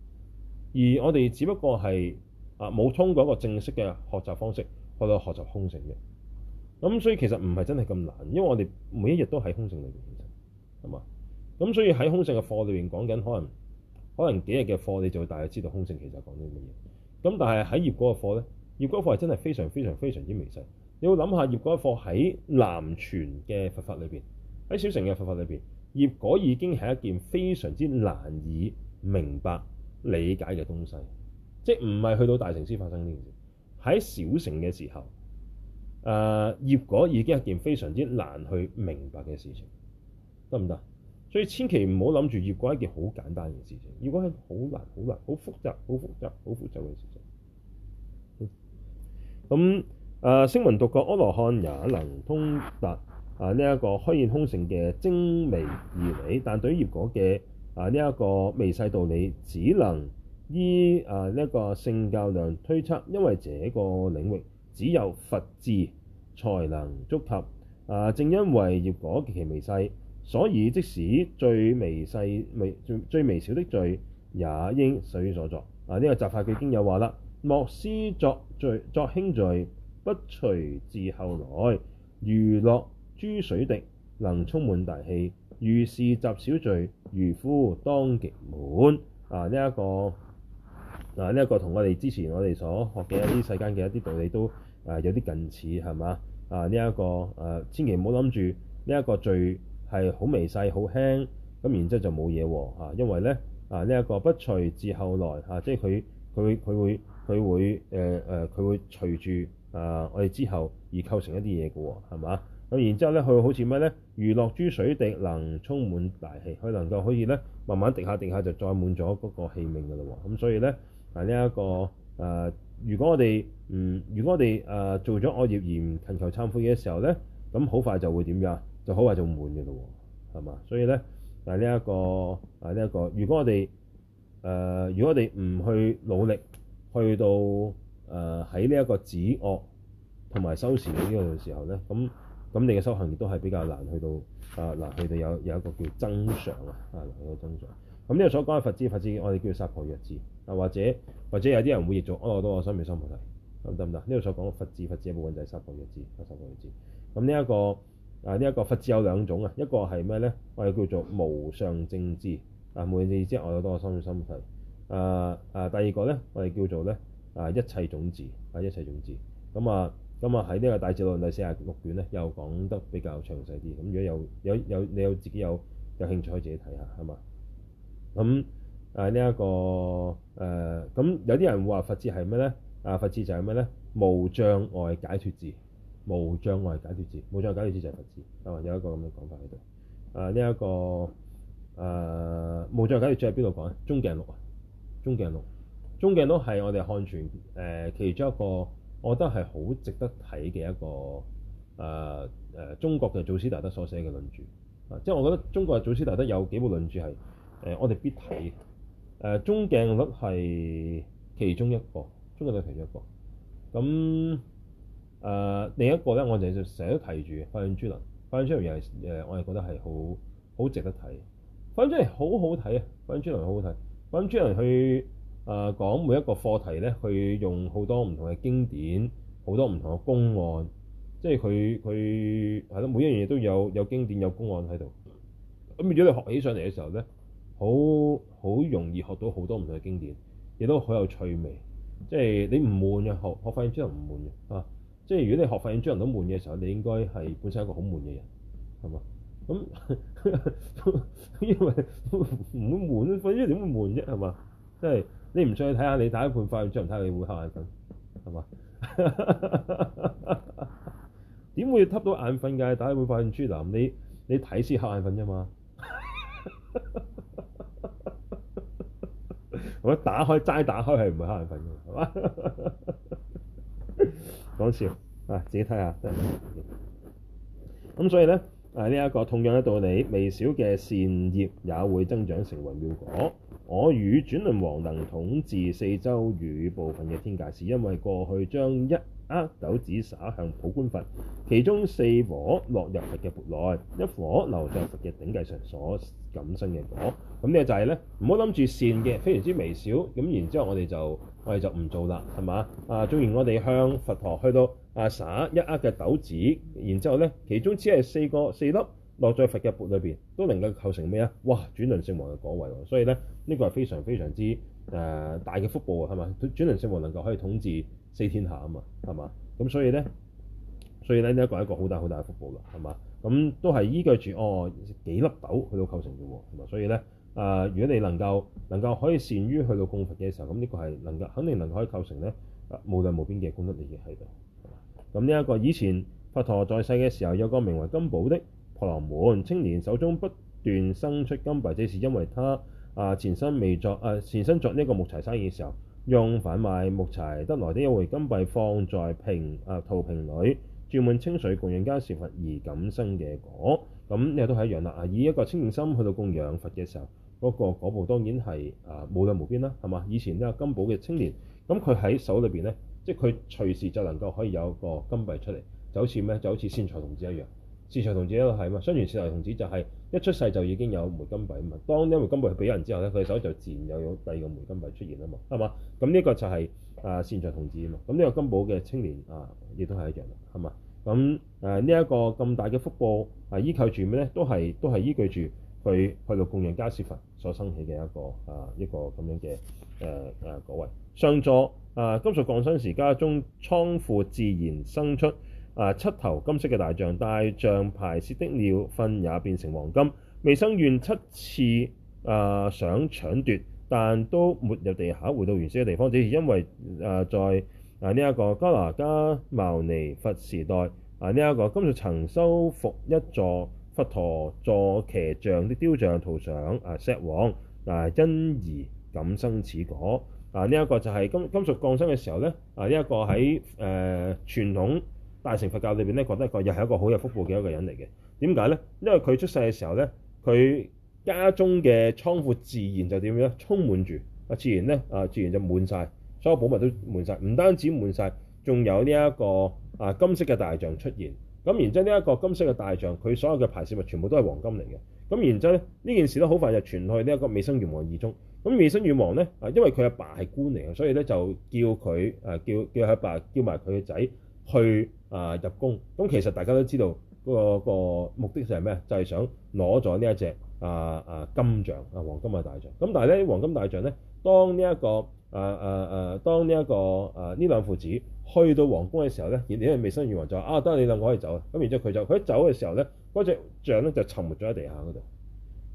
而我哋只不過係啊，冇通過一個正式嘅學習方式去到學習空性嘅。咁所以其實唔係真係咁難，因為我哋每一日都喺空性裏邊。係嘛？咁所以喺空性嘅課裏邊講緊，可能可能幾日嘅課，你就會大約知道空性其實講啲乜嘢。咁但係喺業果嘅課咧，業果嘅課係真係非常非常非常之微細。你要諗下業果嘅課喺南傳嘅佛法裏邊，喺小乘嘅佛法裏邊，業果已經係一件非常之難以明白理解嘅東西，即係唔係去到大城市發生呢件事。喺小城嘅時候，誒、呃、葉果已經係件非常之難去明白嘅事情，得唔得？所以千祈唔好諗住葉果係一件好簡單嘅事情，葉果係好難、好難、好複雜、好複雜、好複雜嘅事情。咁、嗯、誒，聲聞獨覺阿羅漢也能通達啊，呢一個開演空性嘅精微義理，但對於葉果嘅啊！呢、這、一個微細道理只能依啊呢一、這個聖教量推測，因為這個領域只有佛智才能觸及。啊！正因為業果極其微細，所以即使最微細、最最微小的罪，也應羞於所作。啊！呢、這個《集法句經》有話啦：莫思作罪，作輕罪不隨自後來，如落諸水滴，能充滿大器。如是集小罪，愚夫當極滿。啊，呢一個啊，呢一個同我哋之前我哋所學嘅一啲世間嘅一啲道理都啊有啲近似，係嘛？啊，呢一個啊，千祈唔好諗住呢一個罪係好微細、好輕，咁然之後就冇嘢喎。因為咧啊，呢一個不隨，自後來啊，即係佢佢佢會佢會誒誒，佢會、呃、會隨住啊我哋之後而構成一啲嘢嘅，係嘛？然之後咧，佢好似咩咧？如落諸水滴，能充滿大器，佢能夠可以咧慢慢滴下滴下就載滿咗嗰個器皿噶咯喎。咁、嗯、所以咧，嗱呢一個誒、呃，如果我哋唔、嗯，如果我哋誒、呃、做咗惡業而唔勤求懺悔嘅時候咧，咁好快就會點樣？就好快就滿嘅咯喎，係嘛？所以咧，嗱呢一個啊呢一、這個，如果我哋誒、呃，如果我哋唔去努力去到誒喺呢一個止惡同埋修善呢樣嘅時候咧，咁、嗯。咁你嘅修行亦都係比較難去到啊。嗱，佢哋有有一個叫增長啊啊，到增長。咁呢度所講嘅佛智，佛智我哋叫做薩婆若智啊，或者或者有啲人會譯做阿耨多羅三藐三菩提，咁得唔得？呢度所講嘅佛智，佛智嘅部分就係薩婆若智，薩婆若智。咁呢一個啊呢一、這個佛智有兩種啊，一個係咩咧？我哋叫做無上正智啊，無上正智即係阿耨多羅三藐三菩提。啊啊，第二個咧，我哋叫做咧啊一切種智。啊，一切種智。咁啊。啊咁啊喺呢個《大智論》第四十六卷咧，又講得比較詳細啲。咁、嗯、如果有有有你有自己有有興趣，可以自己睇下，係嘛？咁啊呢一個誒，咁有啲人話佛智係咩咧？啊、這個呃嗯、佛智」啊、佛就係咩咧？無障礙解脫智」。「無障礙解脫智」。「無障礙解脫智就」就係佛智」。係有一個咁嘅講法喺度。啊呢一個誒無障礙解脫智喺邊度講啊？《宗鏡錄》啊，這個呃《宗鏡錄宗鏡錄》係我哋漢傳誒其中一個。我覺得係好值得睇嘅一個誒誒、呃呃、中國嘅祖師大德所寫嘅論著啊，即係我覺得中國嘅祖師大德有幾部論著係誒我哋必睇嘅、呃、宗鏡錄係其中一個，《宗鏡錄其中一個。咁誒、嗯呃、另一個咧，我哋就成日都提住《法苑珠林》，《法苑珠林》又係誒我係覺得係好好值得睇，《法苑珠林》好好睇，《法苑珠林》去。誒、啊、講每一個課題咧，佢用好多唔同嘅經典，好多唔同嘅公案，即係佢佢係咯，每一樣嘢都有有經典有公案喺度。咁如果你學起上嚟嘅時候咧，好好容易學到好多唔同嘅經典，亦都好有趣味。即係你唔悶嘅，學學佛印珠人唔悶嘅啊！即係如果你學佛印珠人都悶嘅時候，你應該係本身一個好悶嘅人，係嘛？咁 因為唔會 悶啊，佛印點會悶啫？係嘛？即係。你唔出去睇下，你打一半塊珠唔睇，你會瞌眼瞓，係嘛？點 會㩒到眼瞓㗎？打一半塊珠嗱，你你睇先瞌眼瞓啫嘛。咁 一打開齋打開係唔會瞌眼瞓㗎，係嘛？講, 笑，啊自己睇下，真係冇嘢。咁所以咧，啊呢一、這個同樣嘅道理，微小嘅善業也會增長成為妙果。我乳轉輪王能統治四洲與部分嘅天界，是因為過去將一握豆子灑向普觀佛，其中四顆落入佛嘅缽內，一顆留在佛嘅頂髻上所感生嘅果。咁呢就係咧，唔好諗住善嘅非常之微小。咁然之後我哋就我哋就唔做啦，係嘛？啊，中意我哋向佛陀去到啊灑一握嘅豆子，然之後咧其中只係四個四粒。落在佛嘅缽裏邊，都能夠構成咩啊？哇！轉輪聖王嘅果位喎，所以咧呢個係非常非常之誒大嘅福報，係嘛？轉輪聖王能夠可以統治四天下啊嘛，係嘛？咁所以咧，所以咧呢一個係一個好大好大嘅福報㗎，係嘛？咁都係依據住哦幾粒豆去到構成嘅喎，係嘛？所以咧誒、呃，如果你能夠能夠可以善於去到供佛嘅時候，咁呢個係能夠肯定能夠可以構成咧無量無邊嘅功德利益喺度。咁呢一個以前佛陀在世嘅時候，有個名為金寶的。婆羅門青年手中不斷生出金幣，這是因為他啊前身未作啊、呃、前身作呢個木材生意嘅時候，用販賣木材得來的一枚金幣，放在瓶啊陶瓶裏，注滿清水，供養迦葉佛而感生嘅果。咁亦都係一樣啦。以一個清淨心去到供養佛嘅時候，嗰、那個果報當然係啊、呃、無量無邊啦，係嘛？以前呢個金寶嘅青年，咁佢喺手裏邊呢，即係佢隨時就能夠可以有個金幣出嚟，就好似咩，就好似善財童子一樣。善財童子一個係嘛，相傳善財童子就係一出世就已經有枚金幣啊嘛，當呢枚金幣俾人之後咧，佢手就自然有有第二個枚金幣出現啊嘛，係、就是呃、嘛？咁呢個就係啊善財童子啊嘛，咁呢個金寶嘅青年啊亦都係一樣，係嘛？咁誒呢一個咁、呃這個、大嘅福報啊，依靠住咩咧？都係都係依據住佢去到供養迦葉佛所生起嘅一個啊一個咁樣嘅誒誒位。上座啊，金屬降生時，家中倉庫自然生出。啊！七頭金色嘅大象，大象排泄的尿糞也變成黃金。末生怨七次啊、呃，想搶奪，但都沒入地下回到原先嘅地方，只是因為啊、呃，在啊呢一個加拿加牟尼佛時代啊，呢、呃、一、這個金犢曾修復一座佛陀座騎像的雕像，的圖像，塗上啊石黃嗱、呃，因而感生此果啊。呢、呃、一、這個就係金金犢降生嘅時候咧啊，呢、呃、一、這個喺誒、呃、傳統。大乘佛教裏邊咧，覺得佢又係一個好有福報嘅一個人嚟嘅。點解咧？因為佢出世嘅時候咧，佢家中嘅倉庫自然就點樣咧？充滿住啊！自然咧啊，自然就滿晒。所有寶物都滿晒，唔單止滿晒，仲有呢一個啊金色嘅大象出現。咁然之後呢一個金色嘅大象，佢所有嘅排泄物全部都係黃金嚟嘅。咁然之後咧，呢件事都好快就傳去呢一個末生怨王耳中。咁末生怨王咧啊，因為佢阿爸係官嚟嘅，所以咧就叫佢啊，叫叫佢阿爸，爸，叫埋佢嘅仔去。啊入宮，咁其實大家都知道嗰、那個、個目的就係咩？就係、是、想攞咗呢一隻啊啊金象，啊，黃金啊大象。咁但係咧，黃金大象咧，當呢、這、一個啊啊啊，當呢、這、一個啊呢兩父子去到皇宮嘅時候咧，而啲未生怨王就啊得你兩個可以走啊，咁然之後佢走，佢一走嘅時候咧，嗰隻象咧就沉沒咗喺地下嗰度，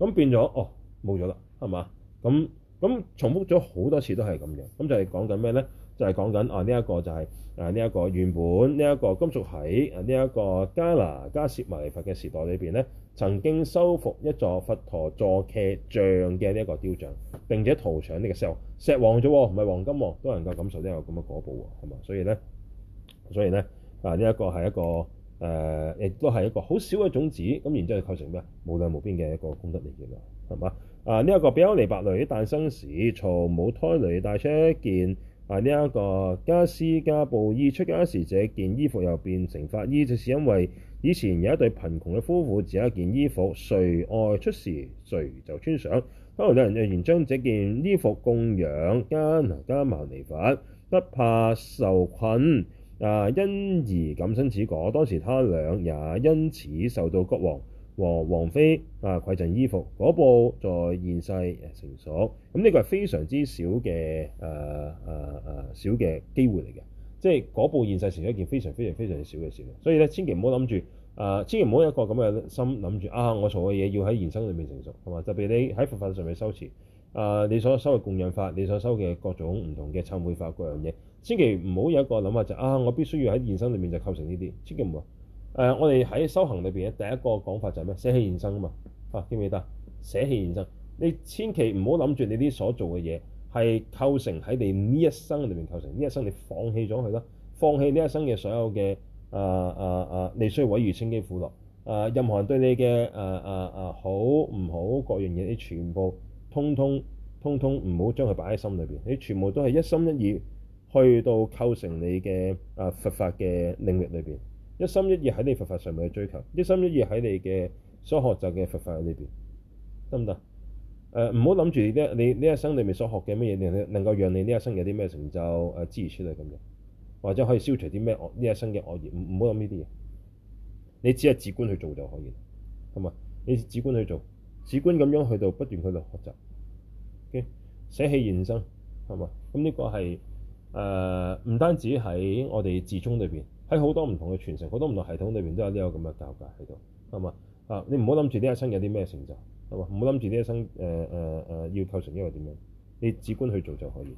咁變咗哦冇咗啦，係嘛？咁咁重複咗好多次都係咁樣，咁就係講緊咩咧？就係講緊啊呢一、這個就係、是、啊呢一、這個原本呢一、這個金屬，金逐喺啊呢一、這個加拿加涉摩尼佛嘅時代裏邊咧，曾經修復一座佛陀座騎像嘅呢一個雕像，並且塗上呢個石黃石黃咗喎，唔係黃金喎，都能夠感受呢個咁嘅果報喎，係嘛？所以咧，所以咧啊呢、這個、一個係、呃、一個誒，亦都係一個好少嘅種子，咁然之後構成咩？無量無邊嘅一個功德嚟嘅啊，係嘛？啊呢一個摩尼白雷喺誕生時從母胎裏帶出一件。啊！呢、這、一個加斯加布衣出家時，這件衣服又變成法衣，就是因為以前有一對貧窮嘅夫婦，只有一件衣服，誰外出時誰就穿上。後來兩人毅然將這件衣服供養，加能加萬離法，不怕受困。啊！因而感生此果，當時他倆也因此受到國王。和王妃啊，攜贈衣服嗰部在現世成熟，咁、嗯、呢、這個係非常之少嘅誒誒誒少嘅機會嚟嘅，即係嗰部現世成一件非常非常非常少嘅事，所以咧千祈唔好諗住誒，千祈唔好有一個咁嘅心諗住啊，我做嘅嘢要喺現生裏面成熟，係、啊、嘛？特別你喺佛法上面修持誒、啊，你所修嘅供養法，你所修嘅各種唔同嘅懺悔法各樣嘢，千祈唔好有一個諗法就啊，我必須要喺現生裏面就構成呢啲，千祈唔好。誒，uh, 我哋喺修行裏邊嘅第一個講法就係咩？捨棄現生啊嘛，嚇，記唔記得？捨棄現生，你千祈唔好諗住你啲所做嘅嘢係構成喺你呢一生裏邊構成呢一生，你放棄咗佢啦，放棄呢一生嘅所有嘅啊啊啊，你需要毀譽稱譏苦樂啊，任何人對你嘅啊啊啊好唔好各樣嘢，你全部通通通通唔好將佢擺喺心裏邊，你全部都係一心一意去到構成你嘅啊佛法嘅領域裏邊。一心一意喺你佛法上面去追求，一心一意喺你嘅所學習嘅佛法喺裏邊，得唔得？誒，唔好諗住呢，你呢一生裏面所學嘅乜嘢，能能夠讓你呢一生有啲咩成就，誒諸如此類咁樣，或者可以消除啲咩惡呢一生嘅惡業，唔好諗呢啲嘢。你只係自觀去做就可以，同埋你自觀去做，自觀咁樣去到不斷去到學習，嘅捨棄現生，係嘛？咁、嗯、呢、呢個係誒，唔單止喺我哋自宗裏邊。喺好多唔同嘅傳承，好多唔同系統裏面都有呢個咁嘅教架喺度，係嘛啊？你唔好諗住呢一生有啲咩成就，係嘛？唔好諗住呢一生誒誒誒要構成因為點樣？你只管去做就可以。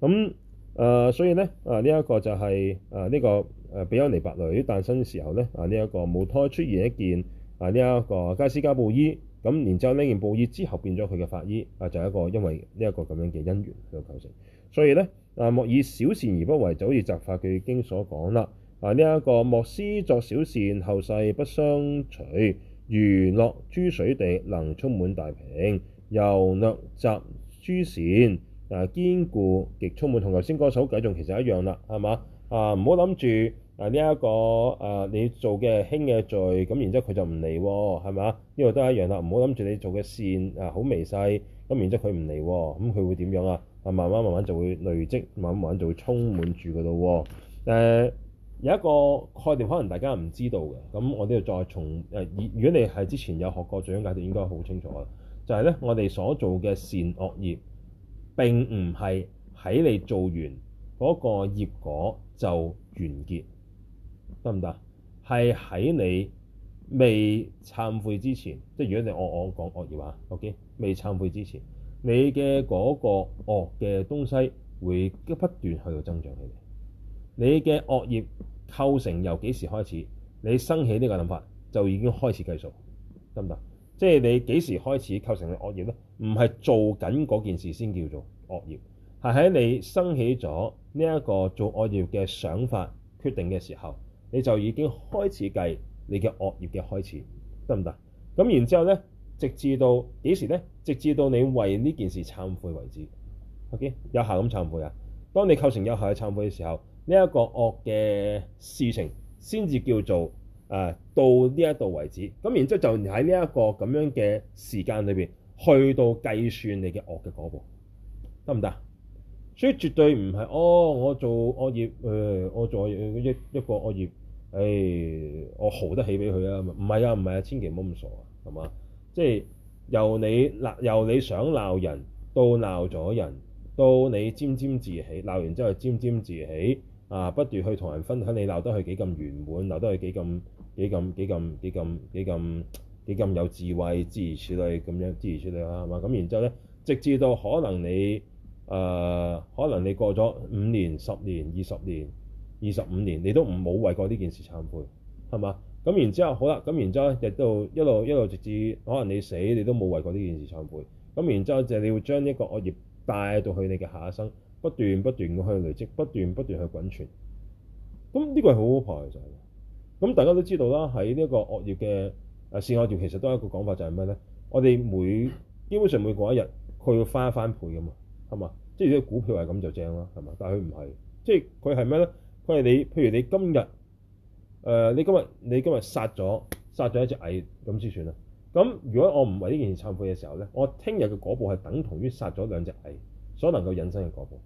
咁誒、呃，所以咧啊，呢、這、一個就係誒呢個誒比丘尼拔雷誕生嘅時候咧啊，呢、這、一個母胎出現一件啊呢一、啊這個加斯加布衣。咁、啊、然之後呢件布衣之後變咗佢嘅法衣啊，就係、是、一個因為呢一個咁樣嘅因緣去到構成，所以咧。嗱、啊，莫以小善而不為，就好似《集法句經》所講啦。啊，呢、這、一個莫思作小善，後世不相隨。如落諸水滴，能充滿大瓶。又略集諸善，啊，堅固極充滿，同頭先嗰個首偈仲其實一樣啦，係嘛？啊，唔好諗住啊，呢一個啊，你做嘅輕嘅罪，咁然之後佢就唔嚟喎，係嘛？呢個都係一樣啦，唔好諗住你做嘅善啊，好微細，咁然之後佢唔嚟喎，咁佢會點樣啊？啊，慢慢慢慢就會累積，慢慢慢就會充滿住嗰度喎。誒，有一個概念可能大家唔知道嘅，咁我呢度再從誒、呃，如果你係之前有學過最根解定，應該好清楚嘅，就係、是、咧我哋所做嘅善惡業並唔係喺你做完嗰個業果就完結，得唔得？係喺你未懺悔之前，即係如果你我我講惡業啊，OK，未懺悔之前。你嘅嗰個惡嘅東西會不斷去到增長起嚟。你嘅惡業構成由幾時開始？你生起呢個諗法就已經開始計數，得唔得？即係你幾時開始構成嘅惡業呢？唔係做緊嗰件事先叫做惡業，係喺你生起咗呢一個做惡業嘅想法決定嘅時候，你就已經開始計你嘅惡業嘅開始，得唔得？咁然之後呢。直至到幾時咧？直至到你為呢件事懺悔為止，OK 有效咁懺悔啊！當你構成有效嘅懺悔嘅時候，呢、這、一個惡嘅事情先至叫做誒、呃、到呢一度為止。咁然之後就喺呢一個咁樣嘅時間裏邊去到計算你嘅惡嘅嗰步，得唔得？所以絕對唔係哦，我做惡業，誒、呃、我做一一個惡業，誒、哎、我豪得起俾佢啊！唔係啊，唔係啊，千祈唔好咁傻啊，係嘛？即係由你鬧，由你想鬧人到鬧咗人，到你沾沾自喜，鬧完之後沾沾自喜啊！不斷去同人分享你鬧得係幾咁圓滿，鬧得係幾咁幾咁幾咁幾咁幾咁幾咁有智慧，諸如此類咁樣，諸如此類啦，係嘛？咁然之後咧，直至到可能你誒、呃，可能你過咗五年、十年、二十年、二十五年，你都唔好為過呢件事懺悔，係嘛？咁然之後好啦，咁然之後咧，一都一路一路直至可能你死，你都冇為過呢件事懺悔。咁然之後就係你會將呢個惡業帶到去你嘅下生，不斷不斷去累積，不斷不斷去滾存。咁呢個係好好怕嘅，就係，咁大家都知道啦，喺呢個惡業嘅誒、啊、善惡業其實都有一個講法，就係咩咧？我哋每基本上每過一日，佢要翻一翻倍嘅嘛，係嘛？即係啲股票係咁就正啦，係嘛？但係佢唔係，即係佢係咩咧？佢係你，譬如你今日。誒、呃，你今日你今日殺咗殺咗一隻蟻咁先算啦。咁如果我唔為呢件事懺悔嘅時候咧，我聽日嘅嗰步係等同於殺咗兩隻蟻所能夠引生嘅嗰步。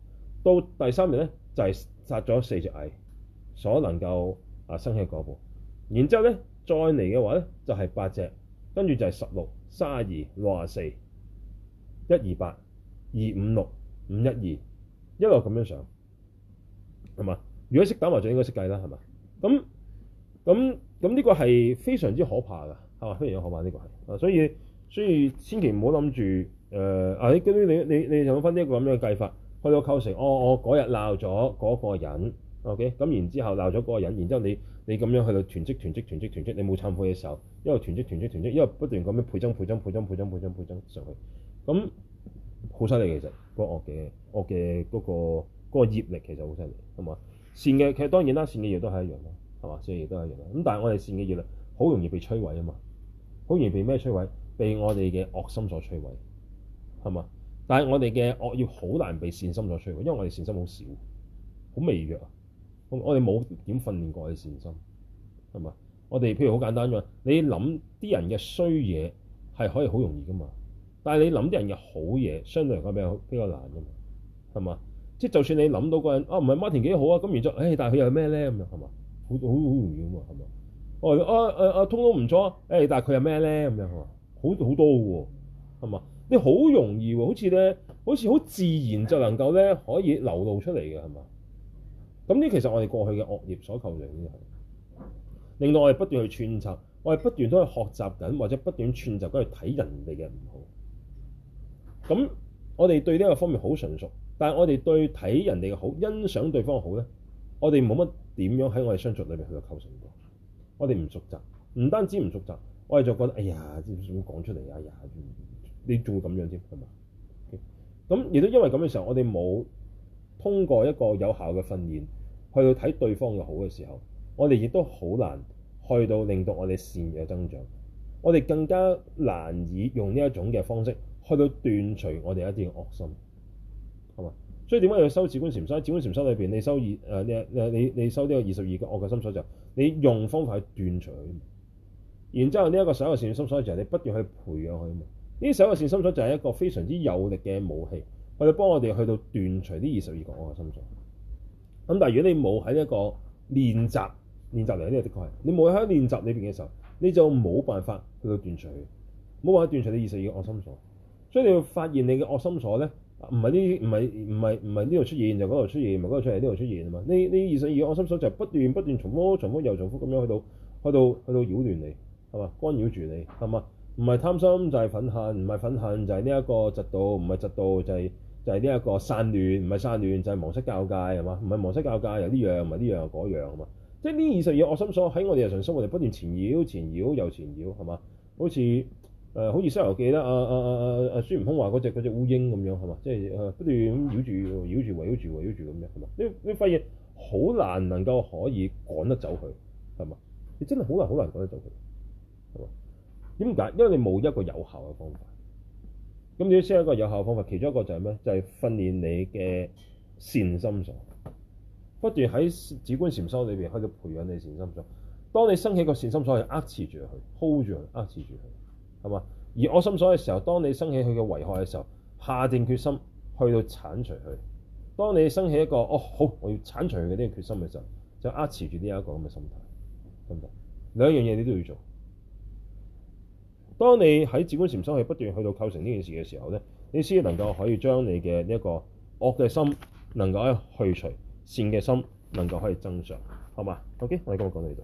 到第三日咧就係、是、殺咗四隻蟻所能夠啊生起嘅嗰步。然之後咧再嚟嘅話咧就係、是、八隻，跟住就係十六、卅二、六廿四、一二八、二五六、五一二，因為我咁樣想係嘛？如果識打麻雀應該識計啦，係嘛？咁。咁咁呢個係非常之可怕噶，係嘛？非常可怕呢個係啊，所以所以千祈唔好諗住誒啊！嗰啲你你你，你，你，你，你用翻呢、這個咁樣計法去到構成、哦、我我嗰日鬧咗嗰個人，OK？咁然之後鬧咗嗰個人，然之後你你咁樣去到囤積囤積囤積囤積，你冇懺悔嘅時候，因為囤積囤積囤積，因為不斷咁樣倍增倍增倍增倍增倍增倍增，增，增上去，咁好犀利其實嗰惡嘅惡嘅嗰個嗰、那個那個、業力其實好犀利，係嘛？善嘅其實當然啦，善嘅嘢都係一樣啦。即係亦都係業力咁，但係我哋善嘅業力好容易被摧毀啊嘛。好容易被咩摧毀？被我哋嘅惡心所摧毀，係嘛？但係我哋嘅惡業好難被善心所摧毀，因為我哋善心好少，好微弱啊。我哋冇點訓練過啲善心係嘛？我哋譬如好簡單啫，你諗啲人嘅衰嘢係可以好容易噶嘛，但係你諗啲人嘅好嘢相對嚟講比較比較難㗎嘛係嘛？即係就算你諗到嗰人啊，唔係 Martin 幾好啊，咁然之後誒，但係佢又係咩咧咁樣係嘛？好好好容易啊嘛，係咪啊？哦，阿阿阿通都唔錯啊！通通錯哎、但係佢有咩咧？咁樣佢話好好多嘅喎，係嘛？你好容易喎，好似咧，好似好自然就能夠咧可以流露出嚟嘅係嘛？咁呢其實我哋過去嘅惡業所構成嘅係，令到我哋不斷去串習，我哋不斷都係學習緊，或者不斷串習緊去睇人哋嘅唔好。咁我哋對呢一個方面好純熟，但係我哋對睇人哋嘅好、欣賞對方好咧，我哋冇乜。點樣喺我哋相處裏面去到構成過，我哋唔熟習，唔單止唔熟習，我哋就覺得哎呀，知唔知點講出嚟呀，哎、呀，你做會咁樣添係嘛？咁亦都因為咁嘅時候，我哋冇通過一個有效嘅訓練去到睇對方嘅好嘅時候，我哋亦都好難去到令到我哋善嘅增長，我哋更加難以用呢一種嘅方式去到斷除我哋一啲惡心。所以點解要收止觀禪修？唔收止觀禪修收裏邊，你收二誒、呃、你誒你你收呢個二十二個惡嘅心所就，你用方法去斷除佢。然之後呢十一個善心所就，你不斷去培養佢。呢十一個善心所就係一個非常之有力嘅武器，佢哋幫我哋去到斷除呢二十二個惡心所。咁但係如果你冇喺一個練習練習，嚟呢個的確係你冇喺練習裏邊嘅時候，你就冇辦法去到斷除，冇辦法斷除你二十二個惡心所。所以你會發現你嘅惡心所咧。唔係呢，唔係唔係唔係呢度出現，就嗰度出現，唔係嗰度出現，呢度出現啊嘛！呢呢二十二惡心所就不斷不斷重複、重複又重複咁樣去到，去到去到擾亂你係嘛？干擾住你係嘛？唔係貪心就係憤恨，唔係憤恨就係呢一個嫉妒，唔係嫉妒就係就係呢一個散亂，唔係散亂就係忘失教界係嘛？唔係忘失教界又呢樣，唔係呢樣又嗰樣啊嘛！即係呢二十二惡心所喺我哋日常生活，我哋不斷纏繞、纏繞又纏繞係嘛？好似～誒、呃，好似《西遊記》啦、啊，阿阿阿阿阿孫悟空話嗰隻隻烏蠅咁樣係嘛，即係不斷咁繞住繞住圍繞住圍繞住咁樣係嘛？你你發現好難能夠可以趕得走佢係嘛？你真係好難好難趕得走佢係嘛？點解？因為你冇一個有效嘅方法。咁你要先一個有效方法，其中一個就係咩？就係、是、訓練你嘅善心所，不斷喺止觀禪修裏邊開始培養你善心所。當你生起個善心所去扼持住佢，hold 住佢，扼持住佢。係嘛？而惡心所嘅時候，當你升起佢嘅危害嘅時候，下定決心去到剷除佢。當你升起一個哦，好，我要剷除佢呢個決心嘅時候，就扼持住呢一個咁嘅心態，明白？兩樣嘢你都要做。當你喺自觀潛心去不斷去到構成呢件事嘅時候咧，你先能夠可以將你嘅呢一個惡嘅心能夠去除，善嘅心能夠可以增長，好嘛？OK，我哋今日講到呢度。